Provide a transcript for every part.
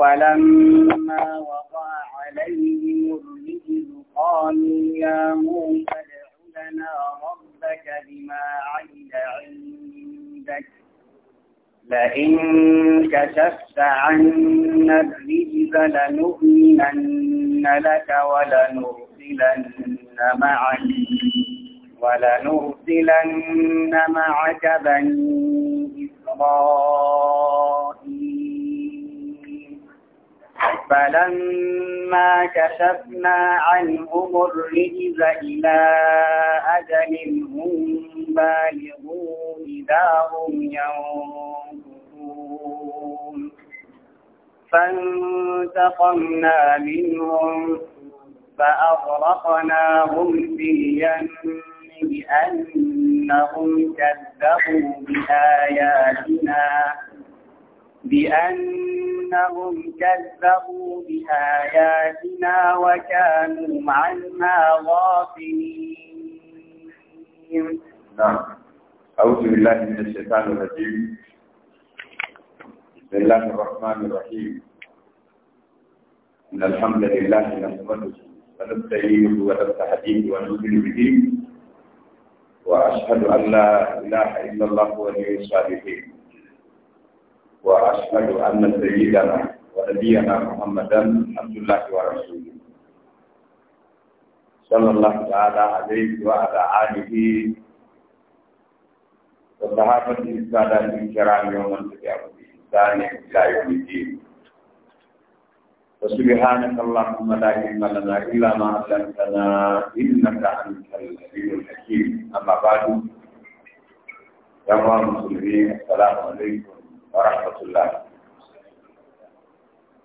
ولما وقع عليهم الرجل قالوا يا موسى ادع لنا ربك بما عهد عندك لئن كشفت عنا الرجل لنؤمنن لك ولنرسلن معك ولنرسلن معك بني إسرائيل فلما كشفنا عنهم الرجز إلى أجل هم بالغون إذا هم ينظرون فانتقمنا منهم فأغرقناهم في اليم بأنهم كذبوا بآياتنا بأنهم كذبوا بآياتنا وكانوا عنها غافلين نعم أعوذ بالله من الشيطان الرجيم بسم الله الرحمن الرحيم إن الحمد لله نحمده ونستعينه ونستهديه ونؤمن به وأشهد أن لا إله إلا الله ولي الصالحين wa asyhadu anna sayyidana wa nabiyana Muhammadan abdullah wa rasuluh. Sallallahu ta'ala alaihi wa ala alihi wa sahabat insadan insyaran yawman setiap insan yang bilayu biji. Subhanakallahumma la ilma lana illa ma 'allamtana innaka antal 'alimul hakim. Amma ba'du. Ya muslimin assalamu alaikum ورحمة الله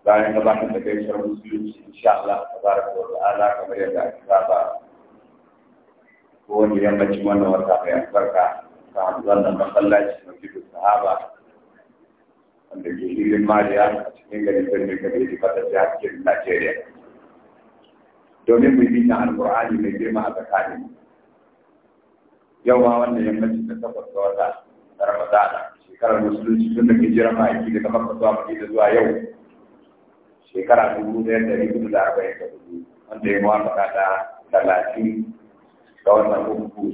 bayan gabatar da gaishar musulunci insha Allah tabaraka wa ta'ala kamar yadda aka saba ko wani yammacin wannan wata mai albarka ta wannan masallaci sahaba wanda ke hirin mariya a cikin garin birnin gari da kasar Najeriya domin mu yi na alƙur'ani mai girma a tsakanin yau ma wannan yammacin da takwas ga wata Ramadana shekarar musulunci tun da ke jiran ma'aiki daga makka zuwa da zuwa yau shekara dubu ɗaya da ɗari hudu da arba'in da hudu wanda ya muwafaka da talatin ga wannan uku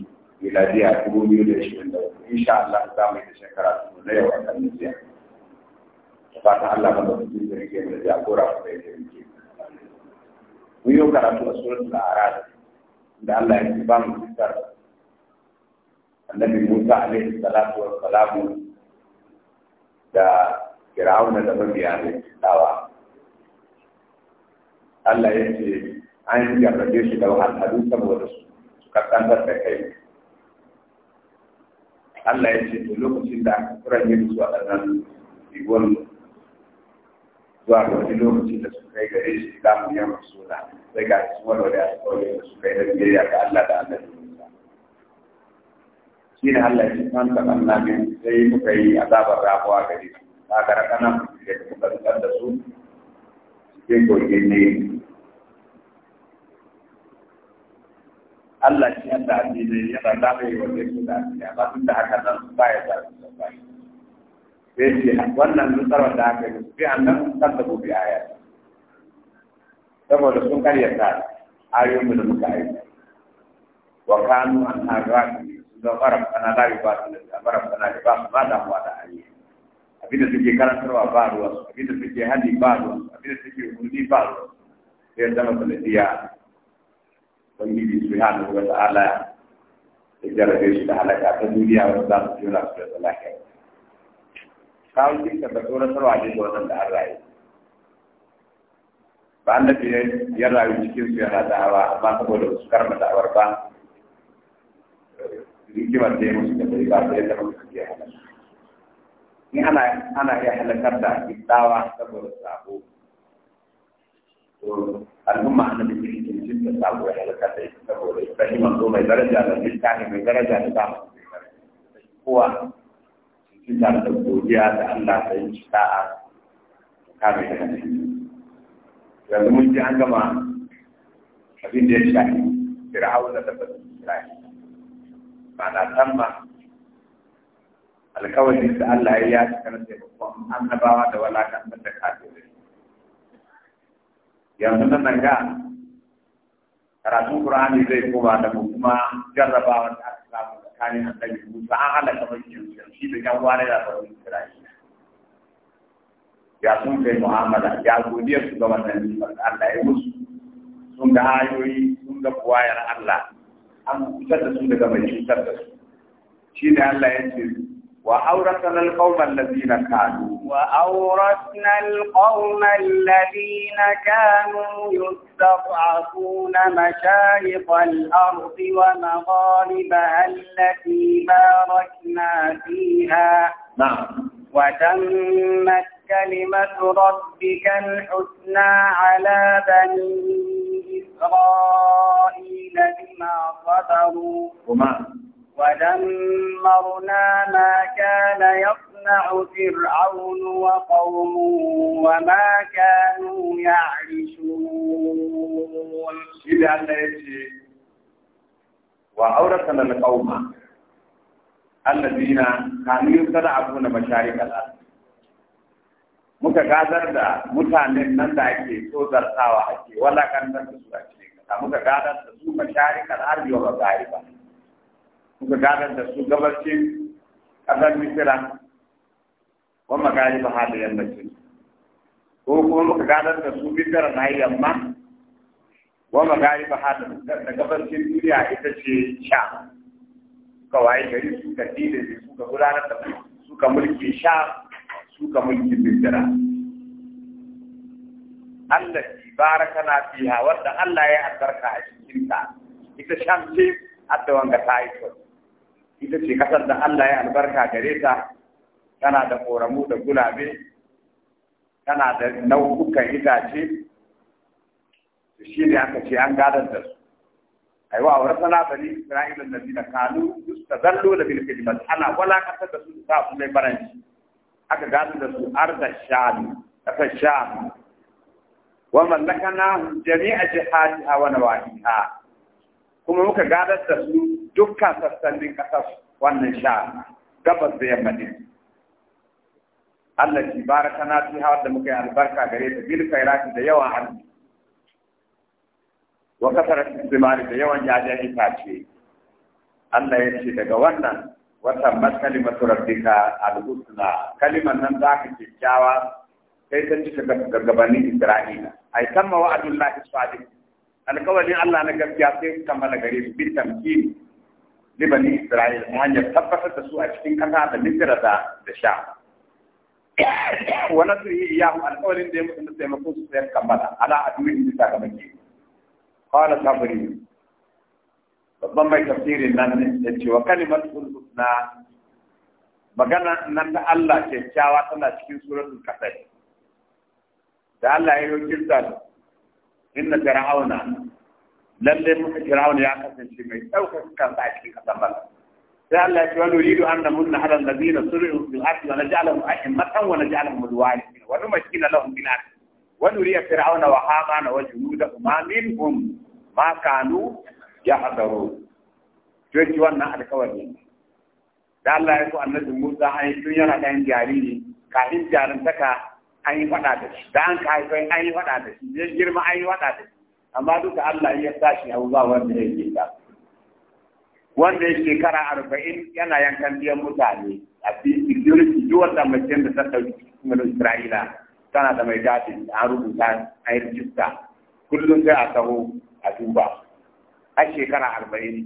miladiya dubu biyu da ishirin da hudu insha Allah za mu yi da shekara dubu na yau a kan Nijiya. Da fatan Allah ba da su da rike da jagora ku da ya rike. Mun yi karatu a suratul Arad da Allah ya ba mu fitar. Annabi Musa alaihi salatu wa salamu da fir'auna da mabiya ne dawa Allah ya ce an jarrabe shi da wahalhalu saboda su su kaskantar da kai Allah ya ce to lokacin da aka kuran yin su waɗannan rigon zuwa da wani lokacin da su kai gare shi za mu yamma suna sai ga su wani wani a tsawon da su kai da biyayya ga Allah da Allah shi ne Allah ya san ta kanna min sai muka yi azabar rabuwa gare su ta gara nan da muka rikar da su cikin goge ne Allah shi ya da addini yana da bai wanda su da addini amma tun da haka nan ba ya da su ba sai shi wannan nutsar da aka yi sai annan kan da gobe aya saboda sun karyata ayoyin da muka aika wa kanu an harafi don maram kana lari ba su da maram kana da ba su da damuwa da hali abinda suke karantarwa ba ruwa su abinda suke hali ba ruwa su abinda suke umarni ba ruwa su sai zama Wani ubangiji su ya nuna wata ala da jarabe su da halaka ta duniya wasu za su jura su da tsalaka kawo cikin ka tsoratarwa ne ga wannan da an rayu ba an da ya rayu cikin su yana hawa amma saboda su karma da'awar ba hikimar da ya musu da bai ba ta yadda muka ke halaka Ni ana ana iya halakar da dawa saboda sabo to al'umma ana da cikin cikin da sabo ya halakar da ita saboda ita shi manzo mai daraja da littafi mai daraja da ba kowa cikin da da godiya da Allah ta yi cika'a kame da kanta yanzu mun ji an gama abin da ya shafi fir'auna da basu Isra'ila ba da san ba alkawarin da Allah ya yi cika na taimakon annabawa da walakantar da kafirai yanzu nan nan ga karatun Qur'ani zai koma da mu kuma jarrabawa da aka samu tsakanin annabi Musa an halaka mabiyan shi da kan wani da sauran Isra'ila ya sun kai mu'amala ya godiya su ga wannan Allah ya musu sun ga ayoyi sun ga buwayar Allah وأورثنا القوم الذين كانوا وأورثنا القوم الذين كانوا يستضعفون مشارق الأرض ومغاربها التي باركنا فيها نعم وتمت كلمة ربك الحسنى على بني إسرائيل الذين صبروا ودمرنا ما كان يصنع فرعون وقومه وما كانوا يعرشون إلى الله وأورثنا القوم الذين كانوا يستضعفون مشارق الأرض muka gazar da mutanen nan da ake so zartawa ake walakantar su ake da muka gadar da su kan arbi wa ba. muka gadar da su gabashin ƙasar misira wa magariba har da yammacin ko kuma muka gadar da su misira na yamma wa magariba har da gabashin duniya ita ce sha kawai gari suka tilin suka gudanar da su ka mulki sha suka mulki misira Allah barakana fiha wanda Allah ya albarka a cikin ta ita shamsi adda wanga taifot ita ce kasar da Allah ya albarka gare ta tana da koramu da gulabe tana da nau'ukan itace shi ne aka ce an gadar da su aiwa wa rasana bani isra'ila allazina kanu yustazallu da bil khidmat ana wala kasar da su ta su mai baranci aka gadar da su arda sham kasar sham wa mallakana jami'a jihatiha wa nawahiha kuma muka gadar da su dukkan sassanin kasar wannan sha gabas da yamma ne Allah ki baraka na fi hawar da muka yi albarka gare ta bil khairati da yawan har wa kasara istimari da yawan jajen itace Allah ya ce daga wannan wata mat rabbika al-husna kaliman nan zaka ka kyakkyawa kai san ji ka gabanin Isra'ila ai kamma wa'adullahi sadiq alkawalin Allah na gaskiya sai kammala gare su bi tamkin libani Isra'ila mu hanyar tabbatar da su a cikin kasa da Misra da da Sha wa nasrihi iyahu alkawalin da ya mutu na taimako su sayar kammala ala adumin da ta ke. Kawala sabri babban mai tafsirin nan da cewa kalimar kalimatul na magana nan ta Allah kyakkyawa tana cikin suratul kasai da Allah ya yi kirta inna fir'auna lalle fir'auna ya kasance mai daukar kansa a cikin kasar ba sai Allah ya ce wani yuridu an namunna ala wani jalan mu ake matan Wani jalan mu duwa ne wani wa na lahum gina wani wa ya fir'auna wa hamana wa junudahuma minhum ma kanu yahdharun to ki wannan alƙawari da Allah ya so annabi Musa an yi tun yana ɗan jariri kafin taka an yi faɗa da shi da an ka haifai an yi faɗa da shi ya girma an yi faɗa da shi amma duka Allah ya tashi hau ba wanda ya ke ta wanda ya shekara arba'in yana yankan biyan mutane a security duk wanda mace da ta ɗauki cikin Isra'ila tana da mai gadin an rubuta an yi rijista kullum sai a taho a duba a shekara arba'in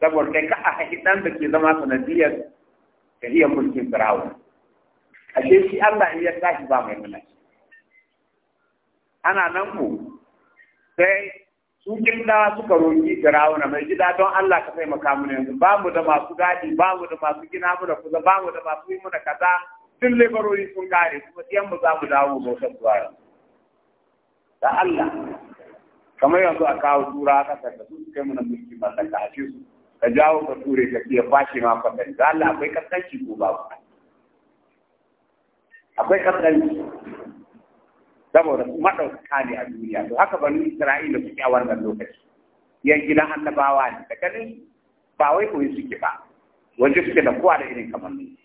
saboda kai ka a haƙi ɗan da ke zama sanadiyar tahiyar mulkin firawun ake shi Allah ya yarda shi ba mai mulki ana nan ku sai su kirdawa suka roƙi firawuna mai gida don Allah ka taimaka mun yanzu ba mu da masu gadi ba mu da masu gina mu da kuza ba mu da masu yi mu da kaza duk lebarori sun kare kuma ɗiyan mu za mu dawo bautar zuwa da Allah kamar yanzu a kawo tura kasar da su kai mana mulki mallaka a su ka jawo ka ture ka fiye bashi ma kwatanci da Allah akwai kaskanci ko babu akwai kasari saboda maɗauka ne a duniya to haka bani isra'ila suke a wannan lokaci yan gidan annabawa ne da ganin ba wai koyi suke ba wanda suke da kowa da irin kamar nan.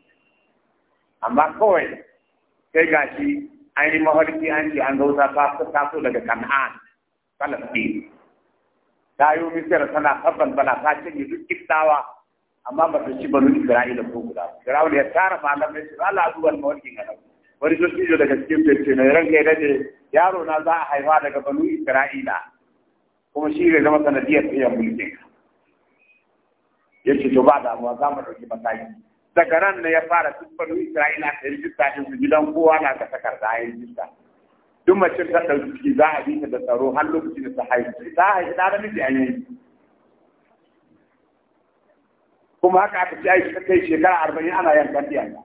amma kawai sai gashi an yi mafarki an ce an gauta taso daga kan'an falastin ta yi misira tana sabban bala ta ne duk kiftawa amma ba ta ci banu isra'ila ko guda firawun ya tara malamai su ala azuwan mawarki a nan wani dattijo daga cikin birce na ranka ya dace yaro na za a haifa daga banu isra'ila kuma shi ne zama sanadiyar iya mulkin ya ce to ba damuwa za mu ɗauki mataki daga ran ne ya fara duk banu isra'ila ta yi jista ɗin su gidan kowa na ta takarda a yi jista duk mace ta ɗauki ciki za a bi ta da tsaro har lokacin da ta haihu ta haifi ɗan namiji an yi kuma haka aka ci aiki ta kai shekara arba'in ana yankan ɗiyan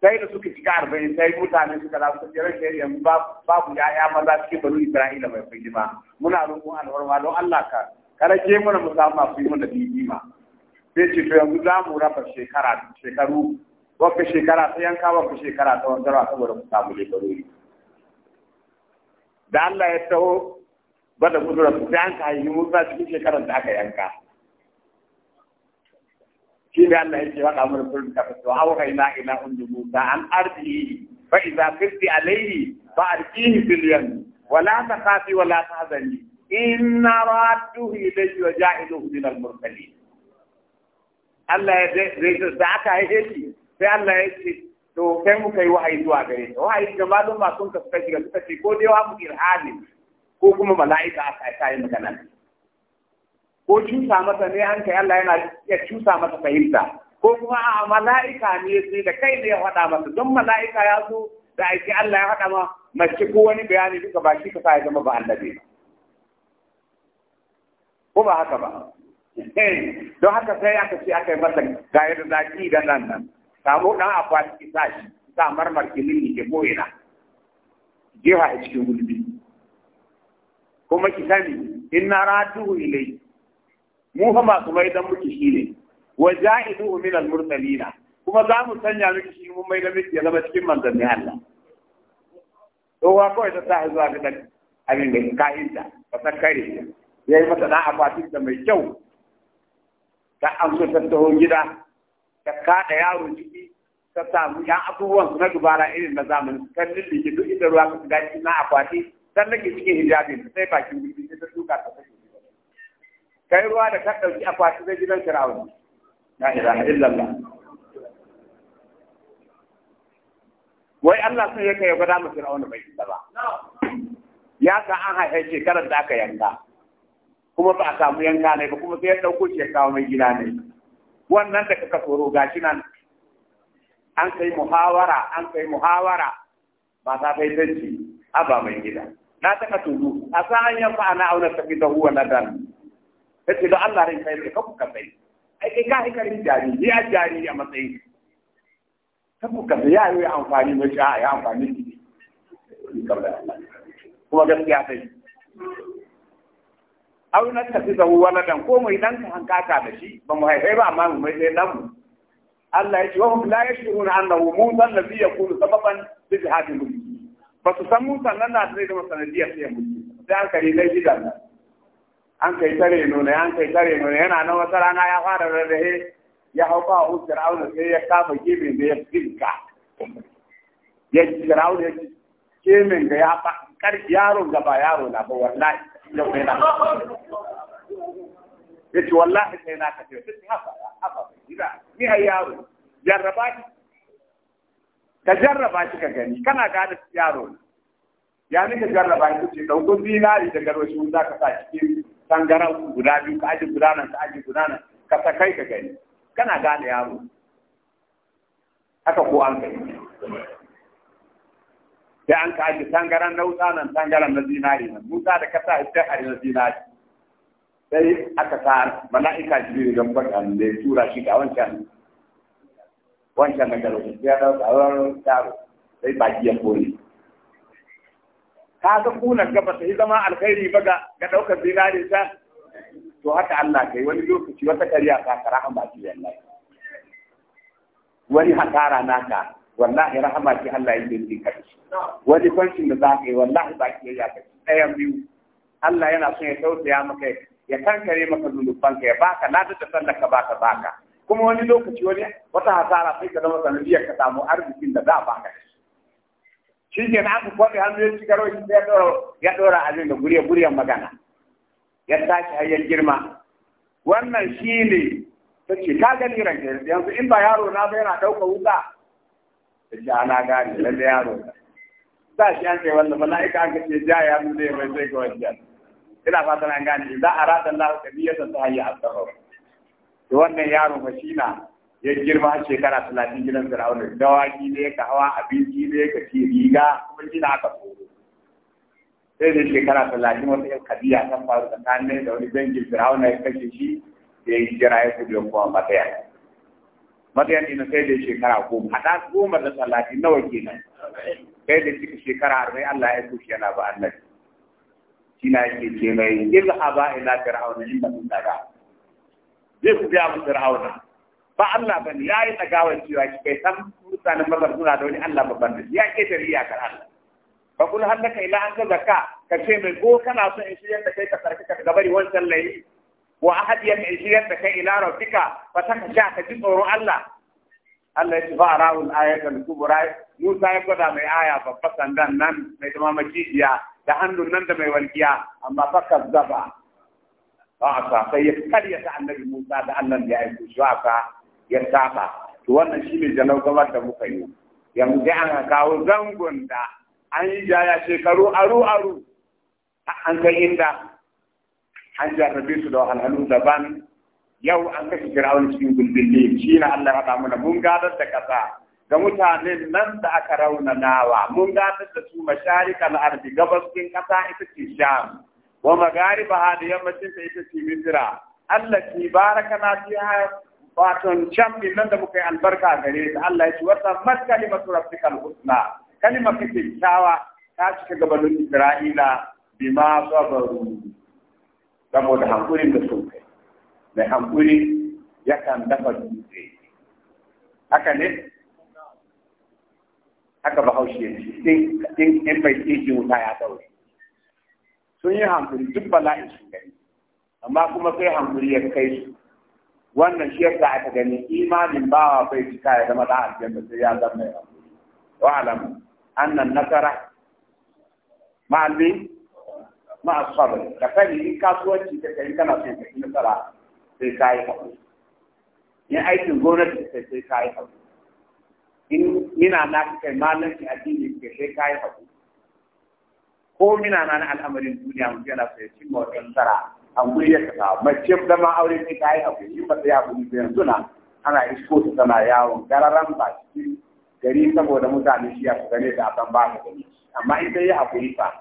sai da suka shiga arba'in sai mutane suka lafi suka rage yanzu babu ya'ya maza suke banu isra'ila mai fahimta muna roƙon alwarma don allah ka karake mana mu samu masu yi mana bibima sai ce to yanzu za mu raba shekara shekaru wakka shekara ta yanka wakka shekara ta wanzarwa saboda mu samu lebarori da allah ya taho bada kudura sai an ka haihi musa cikin shekarar da aka yanka shi Allah yake waka mun kullum ka fito hawa ina ina undu Musa an ardihi fa idza qilti alayhi fa arqihi fil yam wa la taqafi wa la tahzani inna radduhu ilayhi wa ja'iluhu min al mursalin Allah ya zai da aka haife shi sai Allah ya ce to kai muka yi wahayi zuwa gare shi wahayi ga malum ma sun ka suka shiga suka ce ko dai wa mu irhani ko kuma mala'ika aka yi magana ko cusa masa ne an kai Allah yana ya cusa masa fahimta ko kuma a mala'ika ne sai da kai ne ya faɗa masa don mala'ika ya zo da aiki Allah ya faɗa ma mace ko wani bayani duka ba shi ka sa ya zama ba annabi ko ba haka ba eh, don haka sai aka ce aka yi masa ga yadda zaki da nan nan samu dan akwati ki shi sa marmar kilin ke boyena jiha a cikin gulbi kuma ki sani in na ratuhu ilai mu fa masu maidan muke shi ne wa ja'idu min al mursalina kuma za mu sanya miki shi mai da miki ya zama cikin manzanni Allah to wa kawai ta sai zuwa ga abin da kahinta ba ta kare yayi mata da akwatin da mai kyau ta amsa ta gida ta kada yaro ciki ta samu yan abubuwan su na dubara irin na zamani kan lillike duk inda ruwa ka gaji na akwati sannan ke cikin hijabi sai bakin gidi ta duka ta fashe kai ruwa da ka ɗauki kwashi zai gidan fir'auna na ilaha illallah wai Allah sun yake ya gwada mu fir'auna bai isa ba ya ka an haife shekarar da aka yanka kuma ba a samu yanka ne ba kuma sai ya ɗauko shi ya kawo mai gida ne wannan da kaka tsoro gashi nan an kai muhawara an kai muhawara ba ta kai tanci a ba mai gida na taka tudu a sa'an an yanka ana auna tafi da huwa na dan sai da Allah rai sai ka ku kasai ai kai ka hikarin jari ya jari a matsayin kafu kasai ya yi amfani mai sha ya amfani ki kuma gaskiya sai yi aunar ta fi zahu dan ko mai dan ka hankaka da shi ba mu haifai ba amma mu mai sai dan mu Allah ya ce wa hum la yashuruna annahu musa allazi yakunu sababan bi jihadil mulki ba su san musa nan da sai zama sanadiyar sai mulki sai an kare lai gidan nan an kai tare nuna an kai tare nuna yana nan wata rana ya fara rarrahe ya hau ba hu fir'auna sai ya kama gibin da ya finka ya ji fir'auna ya ji kemin da ya ba karki yaro gaba yaro na ba wallahi ya kai na ya ce wallahi sai na kace sai haka haka gida ni ai yaro jarraba shi ka jarraba shi ka gani kana gane yaro ya ka jarraba shi ce dauko zinari daga roshin za ka sa cikin tangaran guda biyu ka aji guda nan ka aji guda nan ka sakai ka gani kana gane yaro haka ko an kai sai an ka aji tangaran na wuta nan tangaran na zinari nan wuta da kasa ita a na zinari sai aka sa mala'ika jibril ga bakan da ya tura shi ga wancan wancan na garo sai ya dawo wani taro sai baki ya kore ka ga kunar gaba ta zama alkhairi ba ga ga daukar zinare ta to haka Allah kai wani lokaci wata kariya ka karahan baki Allah wani hasara naka wallahi rahama ki Allah yake yi ka wani kwancin da za ka yi wallahi baki ya ka ɗayan biyu Allah yana son ya tausaya maka ya kankare maka ka ya baka ladar da sallaka baka baka kuma wani lokaci wani wata hasara sai ka zama sanadiyar ka samu arzikin da za a baka shi shi ke na aka kwaɗe hannu ya shiga roshi sai ya ɗora abin da guriyan magana ya tashi har girma wannan shi ne ta ce ka gani ranke yanzu in ba yaro na ba yana ɗauka wuta ta ce ana gane lalle yaro ta za shi an kai wannan mala'ika an kace ja ya nuna ya mai sai ga wajen ina fatan an gane za a ratan lahu kabiyatan ta a asahar to wannan yaro mashina shi na ya girma shekara talatin gidan firawuna dawaki ne ka hawa abinci ne ka ci riga kuma shi na aka tsoro sai da shekara talatin wata yan kabiya ta faru tsakanin da wani dangin firawuna ya kashe shi da ya jira ya kudu ya kuma mataya matsayan ina sai da shekara goma haɗa goma da talatin nawa kenan sai da cika shekara arba'in Allah ya kushe yana ba annabi shi na yake ce mai izhaba ila fir'auna inda kun daga zai ku biya mu fir'auna ba Allah bane ya yi tsagawar cewa shi kai, san mutanen mazar suna da wani Allah babban da ya ke tari ya kar Allah fa kul hallaka ila an zakka ka ce mai ko kana son in shirya da kai ka sarki ka ga bari wancan layi wa ahadiyaka in shirya da kai ila rabbika fa ta ka ka ji tsoron Allah Allah ya ci fara ayatul kubra Musa ya gwada mai aya babba sandan nan mai zama makijiya da hannun nan da mai walƙiya amma fa zaba ba a sa sai ya karya ta annabi Musa da Allah ya aiko shuwa ya saba to wannan shi shine jalaugamar da muka yi yanzu sai an kawo zangon da an yi jaya shekaru aru aru an kai inda an jarrabe su da wahalhalu daban yau an kashe firawun cikin gulbille shi na Allah ya mana mun gadar da kasa ga mutanen nan da aka rauna nawa mun gadar da su na ardi gabaskin kasa ita ce sham wa magaribaha da yammacin ta ita ce misira Allah ki barakana fiha wato can nan da muka yi albarka gare ta Allah ya ci wata mat kalimatu rabbikal husna kalimar kake kyawa ta cika gabanin Isra'ila bima sabaru saboda hankulin da sun kai mai hankuri yakan dafa dutse haka ne haka ba haushi ya ce in bai tseji wuta ya daure sun yi hankuri duk bala'i sun kai. amma kuma sai hankuri ya kai su wannan shi yasa aka gani imanin bawa bai cika ya zama dan aljanna sai ya zama ya wa alam annan nasara ma'almi ma asabar ka sani in kasuwanci ka kai kana son ka yi nasara sai ka yi hakuri in aikin gwamnati ka sai ka yi hakuri in mina na ka kai malanci addini ka sai ka yi hakuri ko mina na al'amarin duniya mutum yana so ya cimma wata nasara hankuri ya kasa mace da ma aure ne ta yi hakuri ba ta yi hakuri ba yanzu na ana isko ta tana yawon gararan ba cikin gari saboda mutane shi ya su gane ta akan ba ka gani amma in ta yi hakuri fa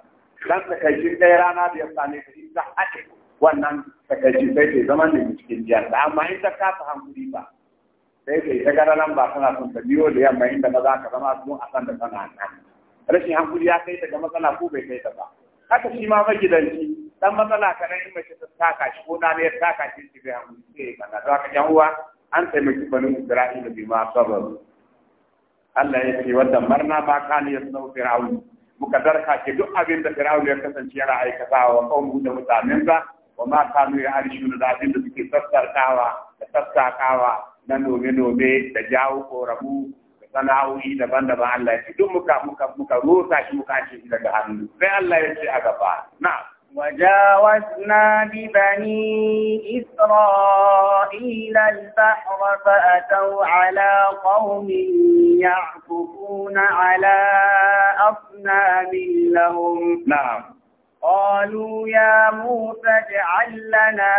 dan takaicin ɗaya rana da ya same ka in ta haɗe wannan takaicin sai ta zaman ne cikin jiyar da amma in ta kasa hankuri ba sai ta yi ta gararan ba tana son ta biyo da yamma inda ba za ka zama su a san da tana nan rashin hankuri ya kai ta ga matsala ko bai kai ta ba haka shi ma magidanci dan matsala kana in mace ta taka shi ko na ne ya taka shi ji ga mu ce kana da haka yan uwa an taimaki banu Isra'ila bi ma sabaru Allah ya ce wadda marna ma kana ya sanu fir'aun muka darka ke duk abin da fir'aun ya kasance yana aikatawa wa qaumu da mutanensa wa ma kanu ya na da abin da suke sassarkawa da sassakawa na nome-nome da jawo korabu da sana'o'i daban-daban Allah ya ce duk muka muka muka rusa shi muka ce daga hannu sai Allah ya ce a gaba na'am وجاوزنا ببني إسرائيل البحر فأتوا على قوم يعكفون على أصنام لهم نعم قالوا يا موسى اجعل لنا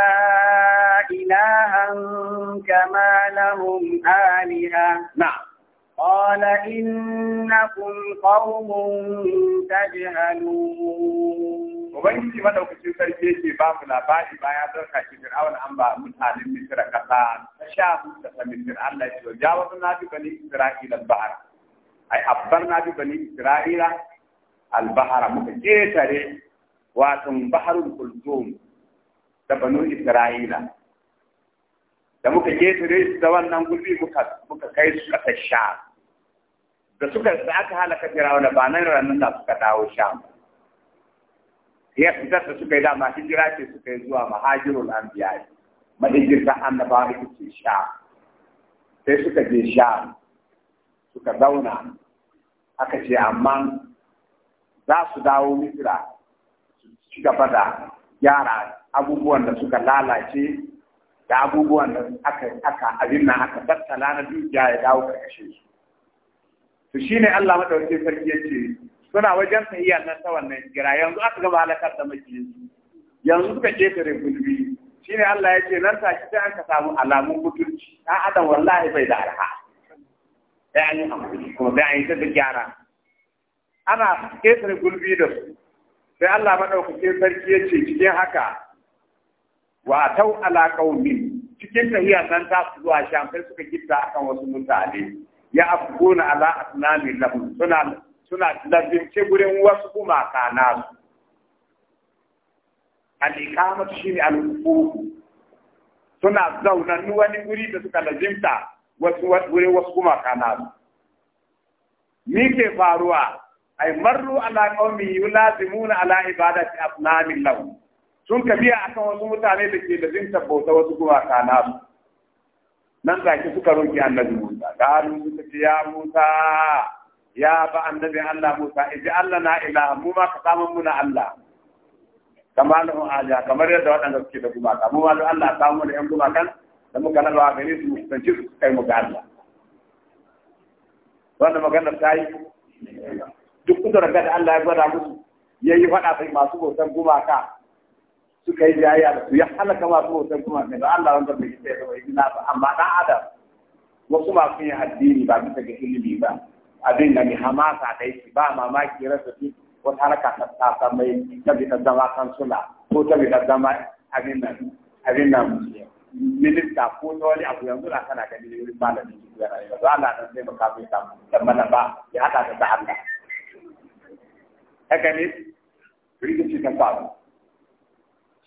إلها كما لهم آلهة نعم قال إنكم قوم تجهلون وبين كما لو كنتم سيدي في باب لا باب با يا ترى كثير اول ام با متعلم في ترى كان شاف تفسير الله جل جاوز النبي بني اسرائيل البحر اي ابر النبي بني اسرائيل البحر مكجي ترى واتم بحر الكلثوم تبنوا اسرائيل da muka ketare su da wannan gurbi muka kai su kasar shafi da suka da aka halaka Fir'auna ba nan ranar da suka dawo Sham ya fitar da suka yi dama hijira ce suka yi zuwa mahajirul anbiya mahijirta annabawa ita ce Sham sai suka je sha, suka zauna aka ce amma za su dawo Misira su ci gaba da gyara abubuwan da suka lalace da abubuwan da aka abin nan aka tattala na dukiya ya dawo karkashin su to shine Allah madaukakin sarki yace suna wajen iya nan ta wannan jira. yanzu aka gama halakar da makiyin yanzu suka ketare gulbi shine Allah yace nan ta ki sai ka samu alamun mutunci ta adam wallahi bai da arha sai an yi hankali kuma sai an yi ta gyara ana ketare gulbi da su sai Allah madaukakin sarki yace cikin haka wa tau ala qaumin cikin tahiya nan ta zuwa sham sai suka gitta akan wasu mutane ya afkuna ala asnami lahum suna suna labince gurin wasu gumaka nasu al'ikamatu shi ne al'ukuku suna zaunannu wani wuri da suka lazimta wasu wurin wasu gumaka nasu ni ke faruwa ai marru ala qaumi yulazimuna ala ibadati asnamin lahum sun kabiya akan wasu mutane da ke lazimta bauta wasu gumaka nasu nan ki suka roki annabi Musa qalu suka ce ya Musa ya ba annabi Allah Musa iji Allah na ilaha mu ma ka samu muna Allah kamar lahu aja kamar yadda waɗanda suke da gumaka mu ma Allah samu da yan gumakan da muka naba gare su tsanci su kai mu ga Allah wannan maganar ta yi duk kudurar da Allah ya gwada musu yayi faɗa sai masu gosan gumaka suka yi jayayya da su ya halaka masu hoton kuma ne da Allah wanda bai isa ya zama izina ba amma dan adam wasu masu yin addini ba bisa ga ilimi ba abin da mai hamasa da yake ba mamaki rasa su wata haraka ta tsafa mai ta bi ta zama kansula ko ta bi ta zama abin nan abin nan minista ko ta wani abu yanzu na kana gani wurin malamin jiki yana ba Allah dan sai baka mai samu dan mana ba ya hada da Allah haka ne rikici ta faru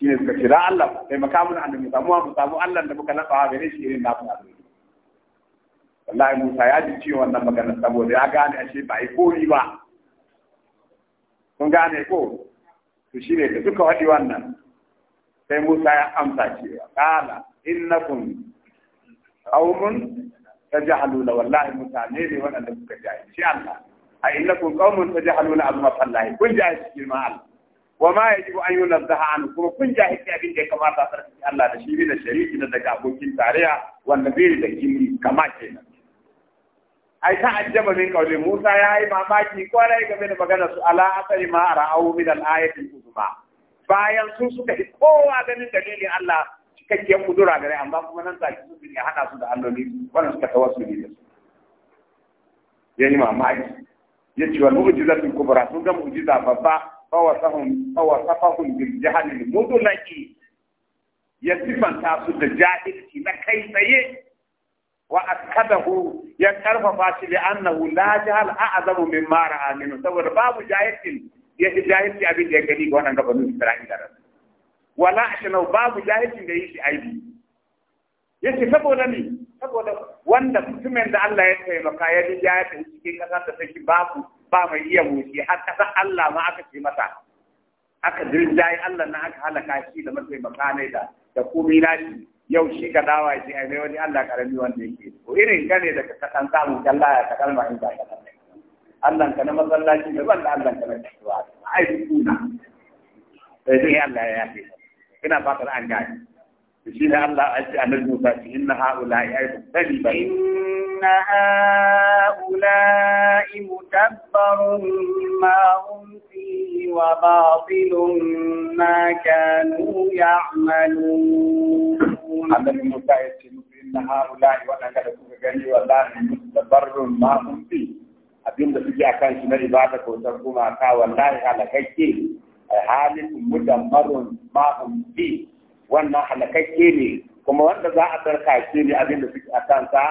shine suka ce da Allah sai makamun annabi samu mu samu Allah da muka nasa gare shi irin nafi na wallahi Musa ya ji ciwon wannan magana saboda ya gane ashe ba ai kori ba kun gane ko to shi ne da duka waɗi wannan sai Musa ya amsa cewa qala innakum qaumun tajahaluna wallahi Musa. ne waɗanda suka shi Allah a innakum qaumun tajahaluna amma fallahi kun jahilci girman Allah wa ma yajibu an yunazzaha an kuma kun jahilci abin da ya kamata a sarki Allah da shi da shariki da daga abokin tarayya wanda bai da kimi kama kenan ai ta ajaba min Musa ya yi mamaki kwarai game da maganar su ala asali ma ra'au min al bayan su suka yi kowa ganin dalilin Allah cikakkiyar kudura rai, amma kuma nan take su ne hada su da alloli wannan suka wasu da su yi mamaki yace wal mu'jizatu kubra sun ga mu'jiza babba fawasahum fawasafahum bil jahli mudlaki ya sifanta su da jahilci na kai tsaye wa askadahu ya karfafa shi bi annahu la jahal a'zamu min ma ra'a saboda babu jahilci ya ji jahilci abin da ya gani ga wannan gabanin Isra'ila wala ashanu babu jahilci da yi shi aibi yace saboda ni saboda wanda mutumin da Allah ya taimaka ya ji ya tafi cikin ƙasar da take babu ba mai iya motsi har ƙasar Allah ma aka ce mata. aka dirjayi Allah na aka halaka shi da maka ne da da komai shi yau shi ka dawa shi ai mai wani Allah karami wanda yake ko irin ka ne da ka san samu Allah ya ta kalma in ka san Allah ka na masallaci da banda Allah ka na kasuwa ai kuna sai Allah ya yafe ina fatar an gani الله أن إن هؤلاء مختلفة إن هؤلاء متبر ما هم فيه وباطل ما كانوا يعملون أن إن هؤلاء وأنا كذا كذا والله متبر ما هم فيه أبين da suke a kan shi na ibada والله على ka wallahi halakakke ما هم فيه wannan halakakke ne kuma wanda za a tsarka ke ne abin da suke a kansa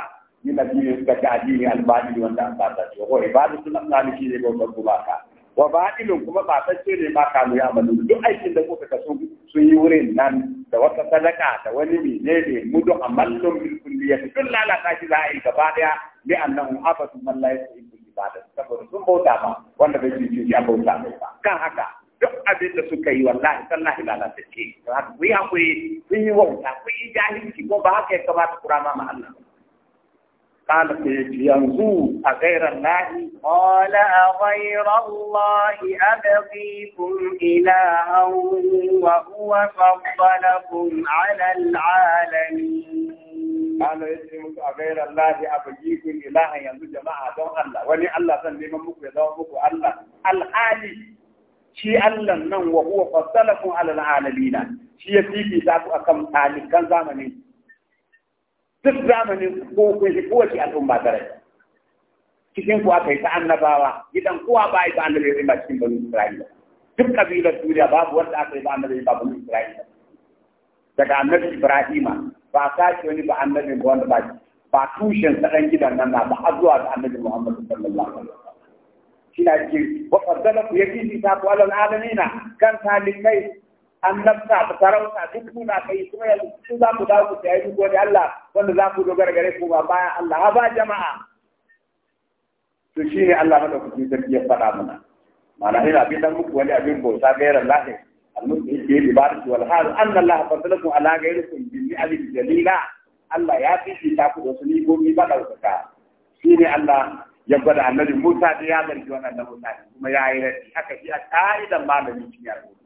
ni na biyu ga jaji ne albani wanda an tsarka ce ko ibadu sun nan shi ne bautar gumaka wa ilin kuma ba ce ne ba kamu ya amalu duk aikin da kuka kaso sun yi wurin nan da wata sadaka da wani menene mudu amallun bil kulliyati duk lalata shi za a yi gaba daya ne li annahu su yi la ba da saboda sun bauta ba wanda bai ci ci ya bauta ba kan haka duk abin da suka yi wallahi tallahi lalatacce don haka ku yi hakuri ku yi wauta ku yi jahilci ko ba haka ya kamata ku rama ma Allah قال ينظر أغير الله قال أغير الله أبغيكم إلها وهو فضلكم على العالمين قال يسلمك أغير الله أبغيكم إلها ينظر جماعة دون الله ولي الله سنلم مكو يدون مكو الله الحالي shi Allah nan wa huwa fassalakum alal alalina, shi ya za ku akan talikan zamanin. duk zamanin ko ko shi kowace al'umma tare cikin ku aka yi ta annabawa gidan kowa ba yi ta annabi ba cikin bani Isra'ila duk kabilar duniya babu wanda aka yi ba annabi ba bani Isra'ila daga annabi Ibrahima ba ka ce wani ba annabi ba wanda ba ba tushen sa dan gidan nan ba har zuwa ga annabi Muhammad sallallahu alaihi wasallam ina ji wa faddalaku ya fifi ta ku alal alamina kan ta likai an nafsa ta sarauta duk muna kai kuma ya su za ku dawo ku ta tayi gode Allah wanda za ku dogara gare ku ba baya Allah ha ba jama'a to shi ne Allah madaukakin sarki ya faɗa mana ma'ana ina bi dan muku wani abin bauta Allah lahi al-mu'min bi ibadati wal hal anna Allah fadlakum ala ghairikum bi ni'amil jalila Allah ya fi ta ku da su ni gobi ba shi ne Allah ya gwada annabi Musa da ya zargi waɗannan mutane kuma ya yi rai. haka shi a ka'idan malamin kimiyyar gobe.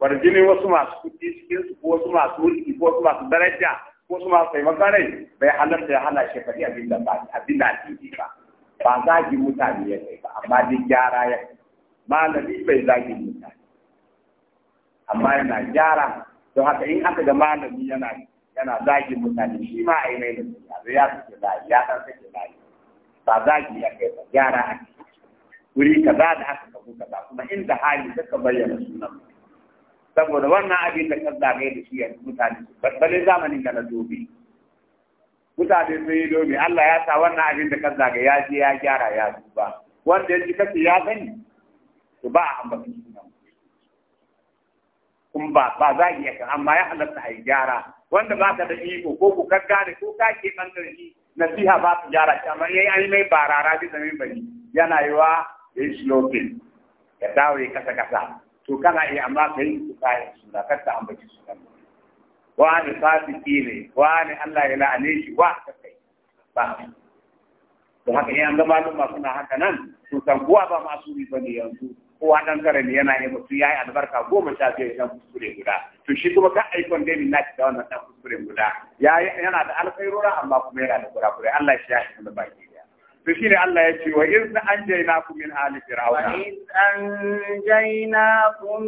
Warjinin wasu masu kuɗi cikin su ko wasu masu mulki ko wasu masu daraja ko wasu masu taimakon rai bai halarta ya hana shi faɗi abin da ba abin da ake ba. Ba zagin mutane ya kai ba amma dai gyara ya kai. Malami bai zagin mutane. Amma yana gyara don haka in aka da malami yana yana zagin mutane shi ma a yi mai da ya fi ke ya ɗan sake zagi. ba za ki ya kai ba gyara ake wuri kaza da aka kafu kaza kuma inda hali suka bayyana sunan saboda wannan abin da ka zagaye da shi yanzu mutane balbalin zamanin da na dobe mutane sun yi dobe Allah ya sa wannan abin da ka zagaye ya je ya gyara ya duba wanda ya ji kake ya gani to ba a ambata sunan kuma ba ba za ki ya amma ya halatta a yi gyara wanda ba ka da iko ko ku ka da ko ka ke ɓangare nasiha ba su gyara shi amma yayi an mai barara da zamin bari yana yiwa, ya yi slopin ya dawo ya kasa kasa to kana iya amma ka yi su kayan suna kar ka baki su kan wani fasi ne wani Allah ya la'ane shi wa ka kai ba to haka yayin ga maluma suna haka nan to kan kuwa ba masu riba ne yanzu kowa dan karami yana yi mutum ya yi albarka goma sha biyar dan kuskure guda to shi kuma ka aikon dai min naci da wannan dan kuskure guda yana da alkhairura amma kuma yana da kurakurai Allah shi ya yi da baki to ne Allah ya ce wa iz anjaynakum min ali fir'auna wa iz anjaynakum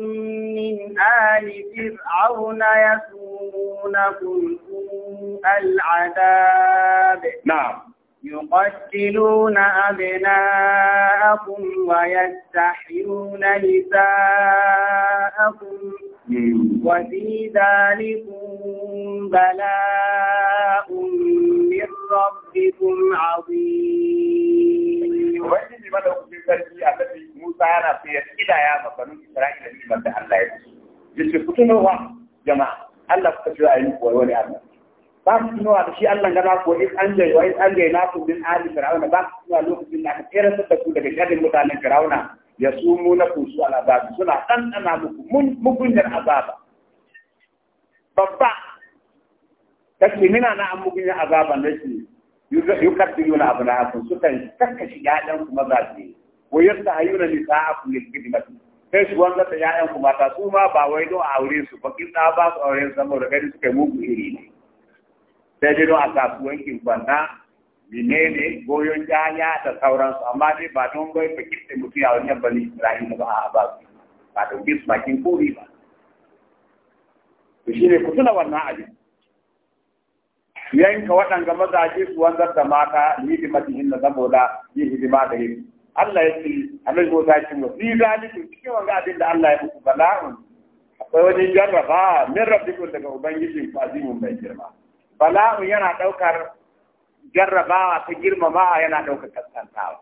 min ali fir'auna yasumunakum al'adab na'am يقتلون أبناءكم ويستحيون نساءكم وفي ذلك بلاء من ربكم عظيم موسى في إلى يا مبنون إسرائيل من الله جمع الله فتشوى أيوك ويولي الله ba su tunowa da shi Allah gana ko in an jai wa in an jai na ku bin ali fir'auna ba su tunowa lokacin da aka tsere da ku daga shadin mutanen fir'auna ya sumu na ku su al'azabi suna ɗanɗana muku mugunyar azaba babba kashi mina na an mugunyar azaba na shi yukaddiru na abu na hakan sukan kakkashi ƴaƴan ku mazaje wa yasta hayuna nisa'akum lil khidmati sai su wanda ta ƴaƴan ku mata su ma ba wai don aure su ba kin ba su aure da gani suka yi mugu iri ne sai dai don a kasuwancin banna menene goyon jaya da sauransu amma dai ba don bai fa kitse mutu ya wajen bani Isra'ila ba a ba ba don bis makin kuri ba to shine ku tuna wannan abin yanka waɗanga mazaje su wanzar da mata ni bi matihin na saboda yi hidima da yin Allah ya ce Annabi Musa ya ce wa fi zalikum cikin wanga abin da Allah ya muku bala'un akwai wani jarraba min rabbikum daga ubangijin fazimun mai bai girma bala'u yana ɗaukar jarrabawa ta girmamawa yana ɗaukar kaskantawa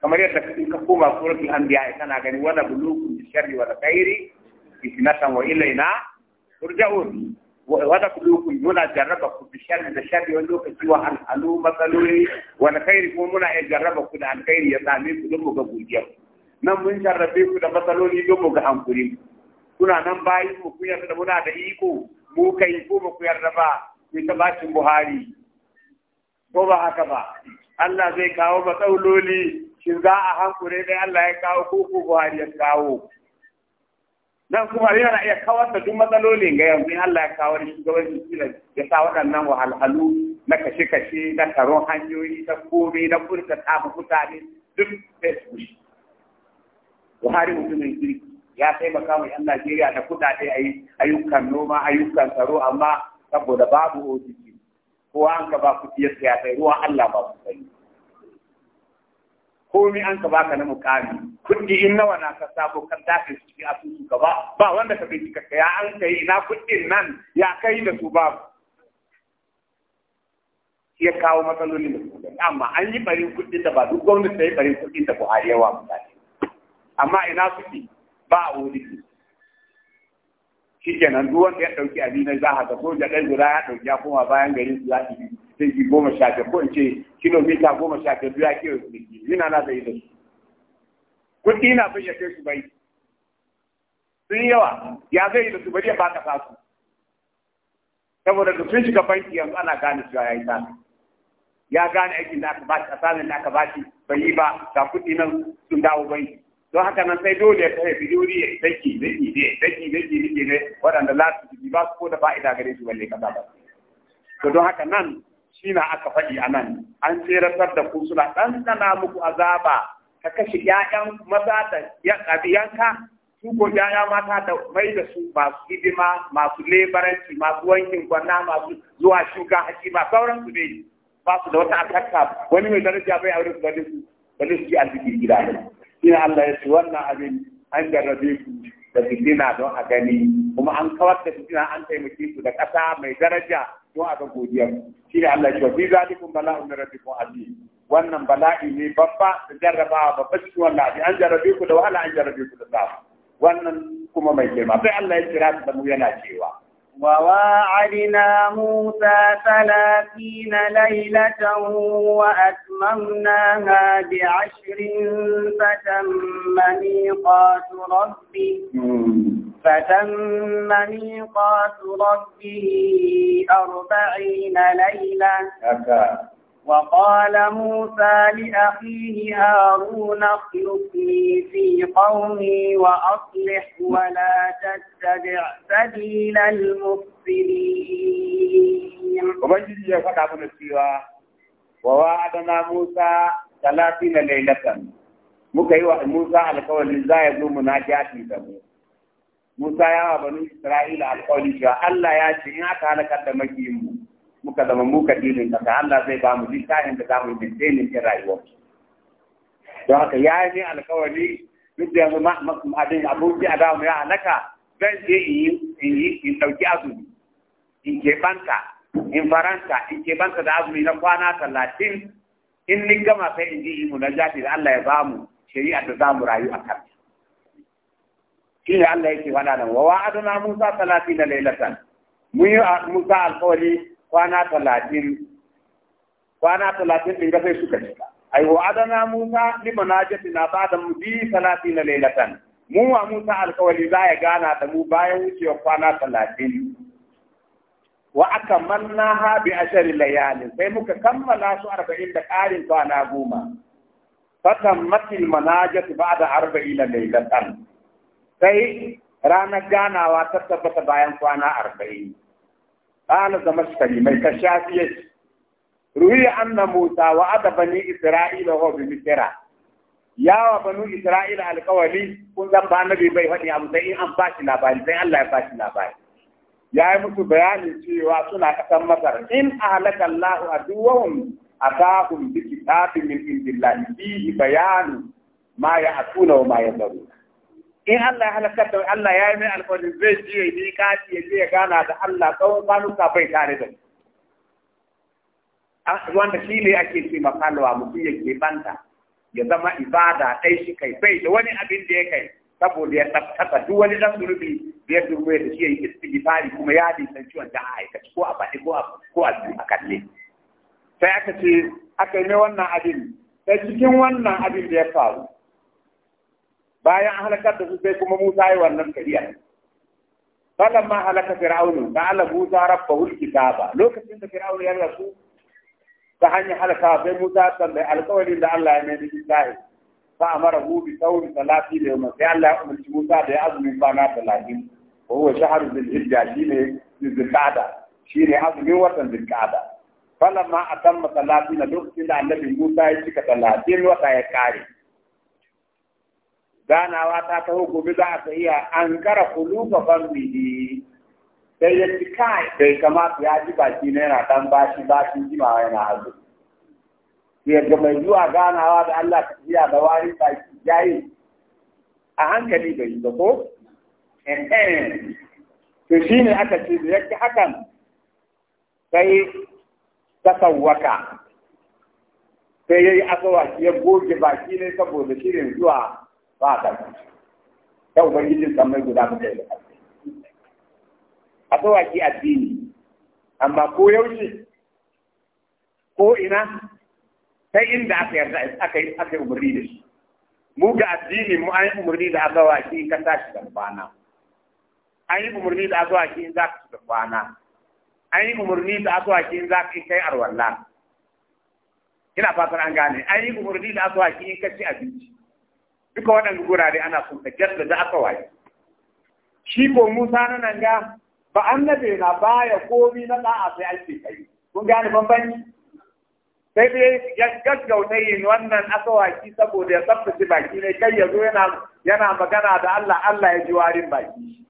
kamar yadda in ka koma suratul anbiya tana gani wala bulukum bi sharri wala khairi fitnatan wa ilaina turja'un wada bulukum muna jarraba ku bi sharri da sharri wani lokaci wa an alu matsaloli wala khairi kuma muna iya jarraba ku da alkhairi ya same ku don mu ga godiya nan mun jarrabe ku da matsaloli don mu ga hankuri kuna nan bayi mu ku yarda muna da iko mu kai ko ba ku yarda ba bitabatin Buhari ko ba haka ba Allah zai kawo matsaloli shi za a hankure dai Allah ya kawo ko ko Buhari ya kawo dan kuma yana iya kawar da duk matsalolin ga yanzu Allah ya kawo shi shugabanci kila ya sa waɗannan wahalhalu na kashe-kashe na taron hanyoyi na komai na furta tafi mutane duk Facebook Buhari mutumin kirki ya taimaka wa 'yan Najeriya da kuɗaɗe ayyukan noma ayyukan tsaro amma saboda babu OTP ko an ka ba ku tiyar ya ruwan Allah ba ku sani komi an ka baka na mukami kuɗi in nawa na ka sabo kan dakin su a asusu ka ba ba wanda ka bai cika ya an kai ina kuɗin nan ya kai da su ba ya kawo matsaloli da kuɗin amma an yi barin kuɗin da ba duk gwamnati ta yi barin kuɗin da Buhari yawa mutane amma ina kuɗi ba a wuri shi kenan duk wanda ya ɗauki abinan za a ga soja ɗan guda ya ɗauki ya koma bayan garin su za su bi sai ki goma sha biyar ko in ce kilomita goma sha biyar ya ke su ne yana na da yi da su kuɗi na bai ya kai su bai sun yawa ya zai yi da su bari ya baka su. saboda da sun shiga banki yanzu ana gane cewa ya yi ta ya gane aikin da aka bashi asalin da aka bashi bai yi ba ga kuɗi nan sun dawo banki don haka nan sai dole ya kai bidori ya daki daki ne daki daki ne ne waɗanda za su ji ba su ko da fa'ida gare su balle kaza ba to don haka nan shi na aka faɗi a nan an tseratar da ku suna ɗanɗana muku azaba ka kashe ‘ya'yan maza da yanka su ko ‘ya'ya mata da mai da su masu hidima masu lebaranci masu wankin gwanna masu zuwa shuka haƙi ba sauransu ne ba su da wata alhaka wani mai daraja bai aure su balle su balle su ji arziki gida ne ne Allah ya ce wannan abin an jarrabe ku da fitina don a gani kuma an kawar da fitina an taimake su da ƙasa mai daraja don a ga godiya shi ne Allah ya ce fi zalikum bala'un min rabbikum azim wannan bala'i ne babba da jarrabawa babba shi wannan abin an jarrabe ku da wahala an jarrabe ku da sa'a wannan kuma mai girma sai Allah ya kira da mu yana cewa وواعدنا موسى ثلاثين ليلة وأتممناها بعشر فتم ميقات ربي فتم ميقات ربه أربعين ليلة وقال موسى لأخيه هارون اخلفني في قومي وأصلح ولا تتبع سبيل المفسدين وبنجي يا فتى أبو نسيوة ووعدنا موسى ثلاثين ليلة muka yi wa Musa alkawalin za ya zo munajati da mu. Musa ya wa banu Isra'ila alkawalin cewa Allah ya ce in aka halakar da makiyin mu, muka zama muka ka Ka Allah zai ba mu littafin da za mu maintain din rayuwar don haka ya yi alkawari duk da yanzu ma aboki a damu ya halaka zan je in yi in ɗauki azumi in ke banka in faranta in ke banka da azumi na kwana talatin in ni gama sai in ji imu na jafi da Allah ya ba mu shari'a da za mu rayu a kan shi ne Allah yake faɗa nan wa wa'aduna Musa talatin na lailatan mun yi Musa alkawari kwana talatin kwana talatin ɗin ga sai suka cika ai wa adana musa li manajatina ba'da bi salatina lailatan mu wa musa alkawali za ya gana da mu bayan wucewa kwana talatin wa aka manna ha bi ashari layalin sai muka kammala su arba'in da ƙarin kwana goma fatan matil manajat ba'da arba'ina lailatan sai ranar ganawa ta tabbata bayan kwana arba'in قال زمشقي من كشافيه روي ان موسى وعد بني اسرائيل هو بمصر يا بنو إسرائيل على قولي كن زبا نبي بي ودي أبو سعيد أن باشي لاباري سي الله باشي باي يا مسو بيان شيوا سنة كتم مصر ان اهلك الله ادوهم اتاكم بكتاب من عند الله فيه بيان ما يعطون وما يذرون in Allah ya halakar da Allah ya yi mai alƙawarin zai ji ya yi kati ya je ya gana da Allah tsawon kwanuka bai tare da wanda shi ne ake ce makalwa mutum ya banta ya zama ibada ɗai shi kai bai da wani abin da ya kai saboda ya tabbata duk wani dan zurbi da ya zurbe da shi ya yi istighfari kuma ya san ciwon da a aikaci ko a faɗi ko a ko a kalle sai aka ce aka yi mai wannan abin sai cikin wannan abin da ya faru bayan halakar da su sai kuma Musa ya wannan kariya ma halaka fir'aun Allah Musa rabbahu alkitaba lokacin da fir'aun ya rasu ta hanyar halaka sai Musa tambayi alƙawarin da Allah ya mai lillahi fa hu bi sawmi salati da yawma sai Allah ya umarci Musa da ya azumin kwana 30 wa huwa shahru bil hijja shine dhilqa'da shine azumin watan dhilqa'da falamma atamma salatina lokacin da annabi Musa ya cika 30 wata ya kare ganawa ta taho gobe za a iya an kara kulufa fambihi sai ya ci kai bai kamata ya ji baki na yana dan bashi bashin jimawa yana hazo yadda mai zuwa ganawa da Allah ta iya da wani baki ya yi a hankali bai ba ko to shine aka ce da yake hakan sai ta sawwaka sai yi asawa ya goge baki ne saboda shirin zuwa ba a ƙarfi ta ubangijin samai guda mu kai da ƙarfi a tsawaki addini amma ko yaushe ko ina sai inda aka yarda aka yi aka yi umarni da shi mu ga addini mu an yi umarni da azawaki in ka tashi da kwana an yi umarni da azawaki in za ka da kwana an yi umarni da azawaki in za ka yi kai arwalla ina fatar an gane an yi umarni da azawaki in ka ci abinci duka waɗanda gurare ana sun ka da aka waye shi ko Musa na nan ga ba annabe na baya komi na da'a sai an ce kai kun gane bambanci sai dai gaggauta yin wannan asawaki saboda ya tsaftace baki ne kai ya zo yana magana da Allah Allah ya ji warin baki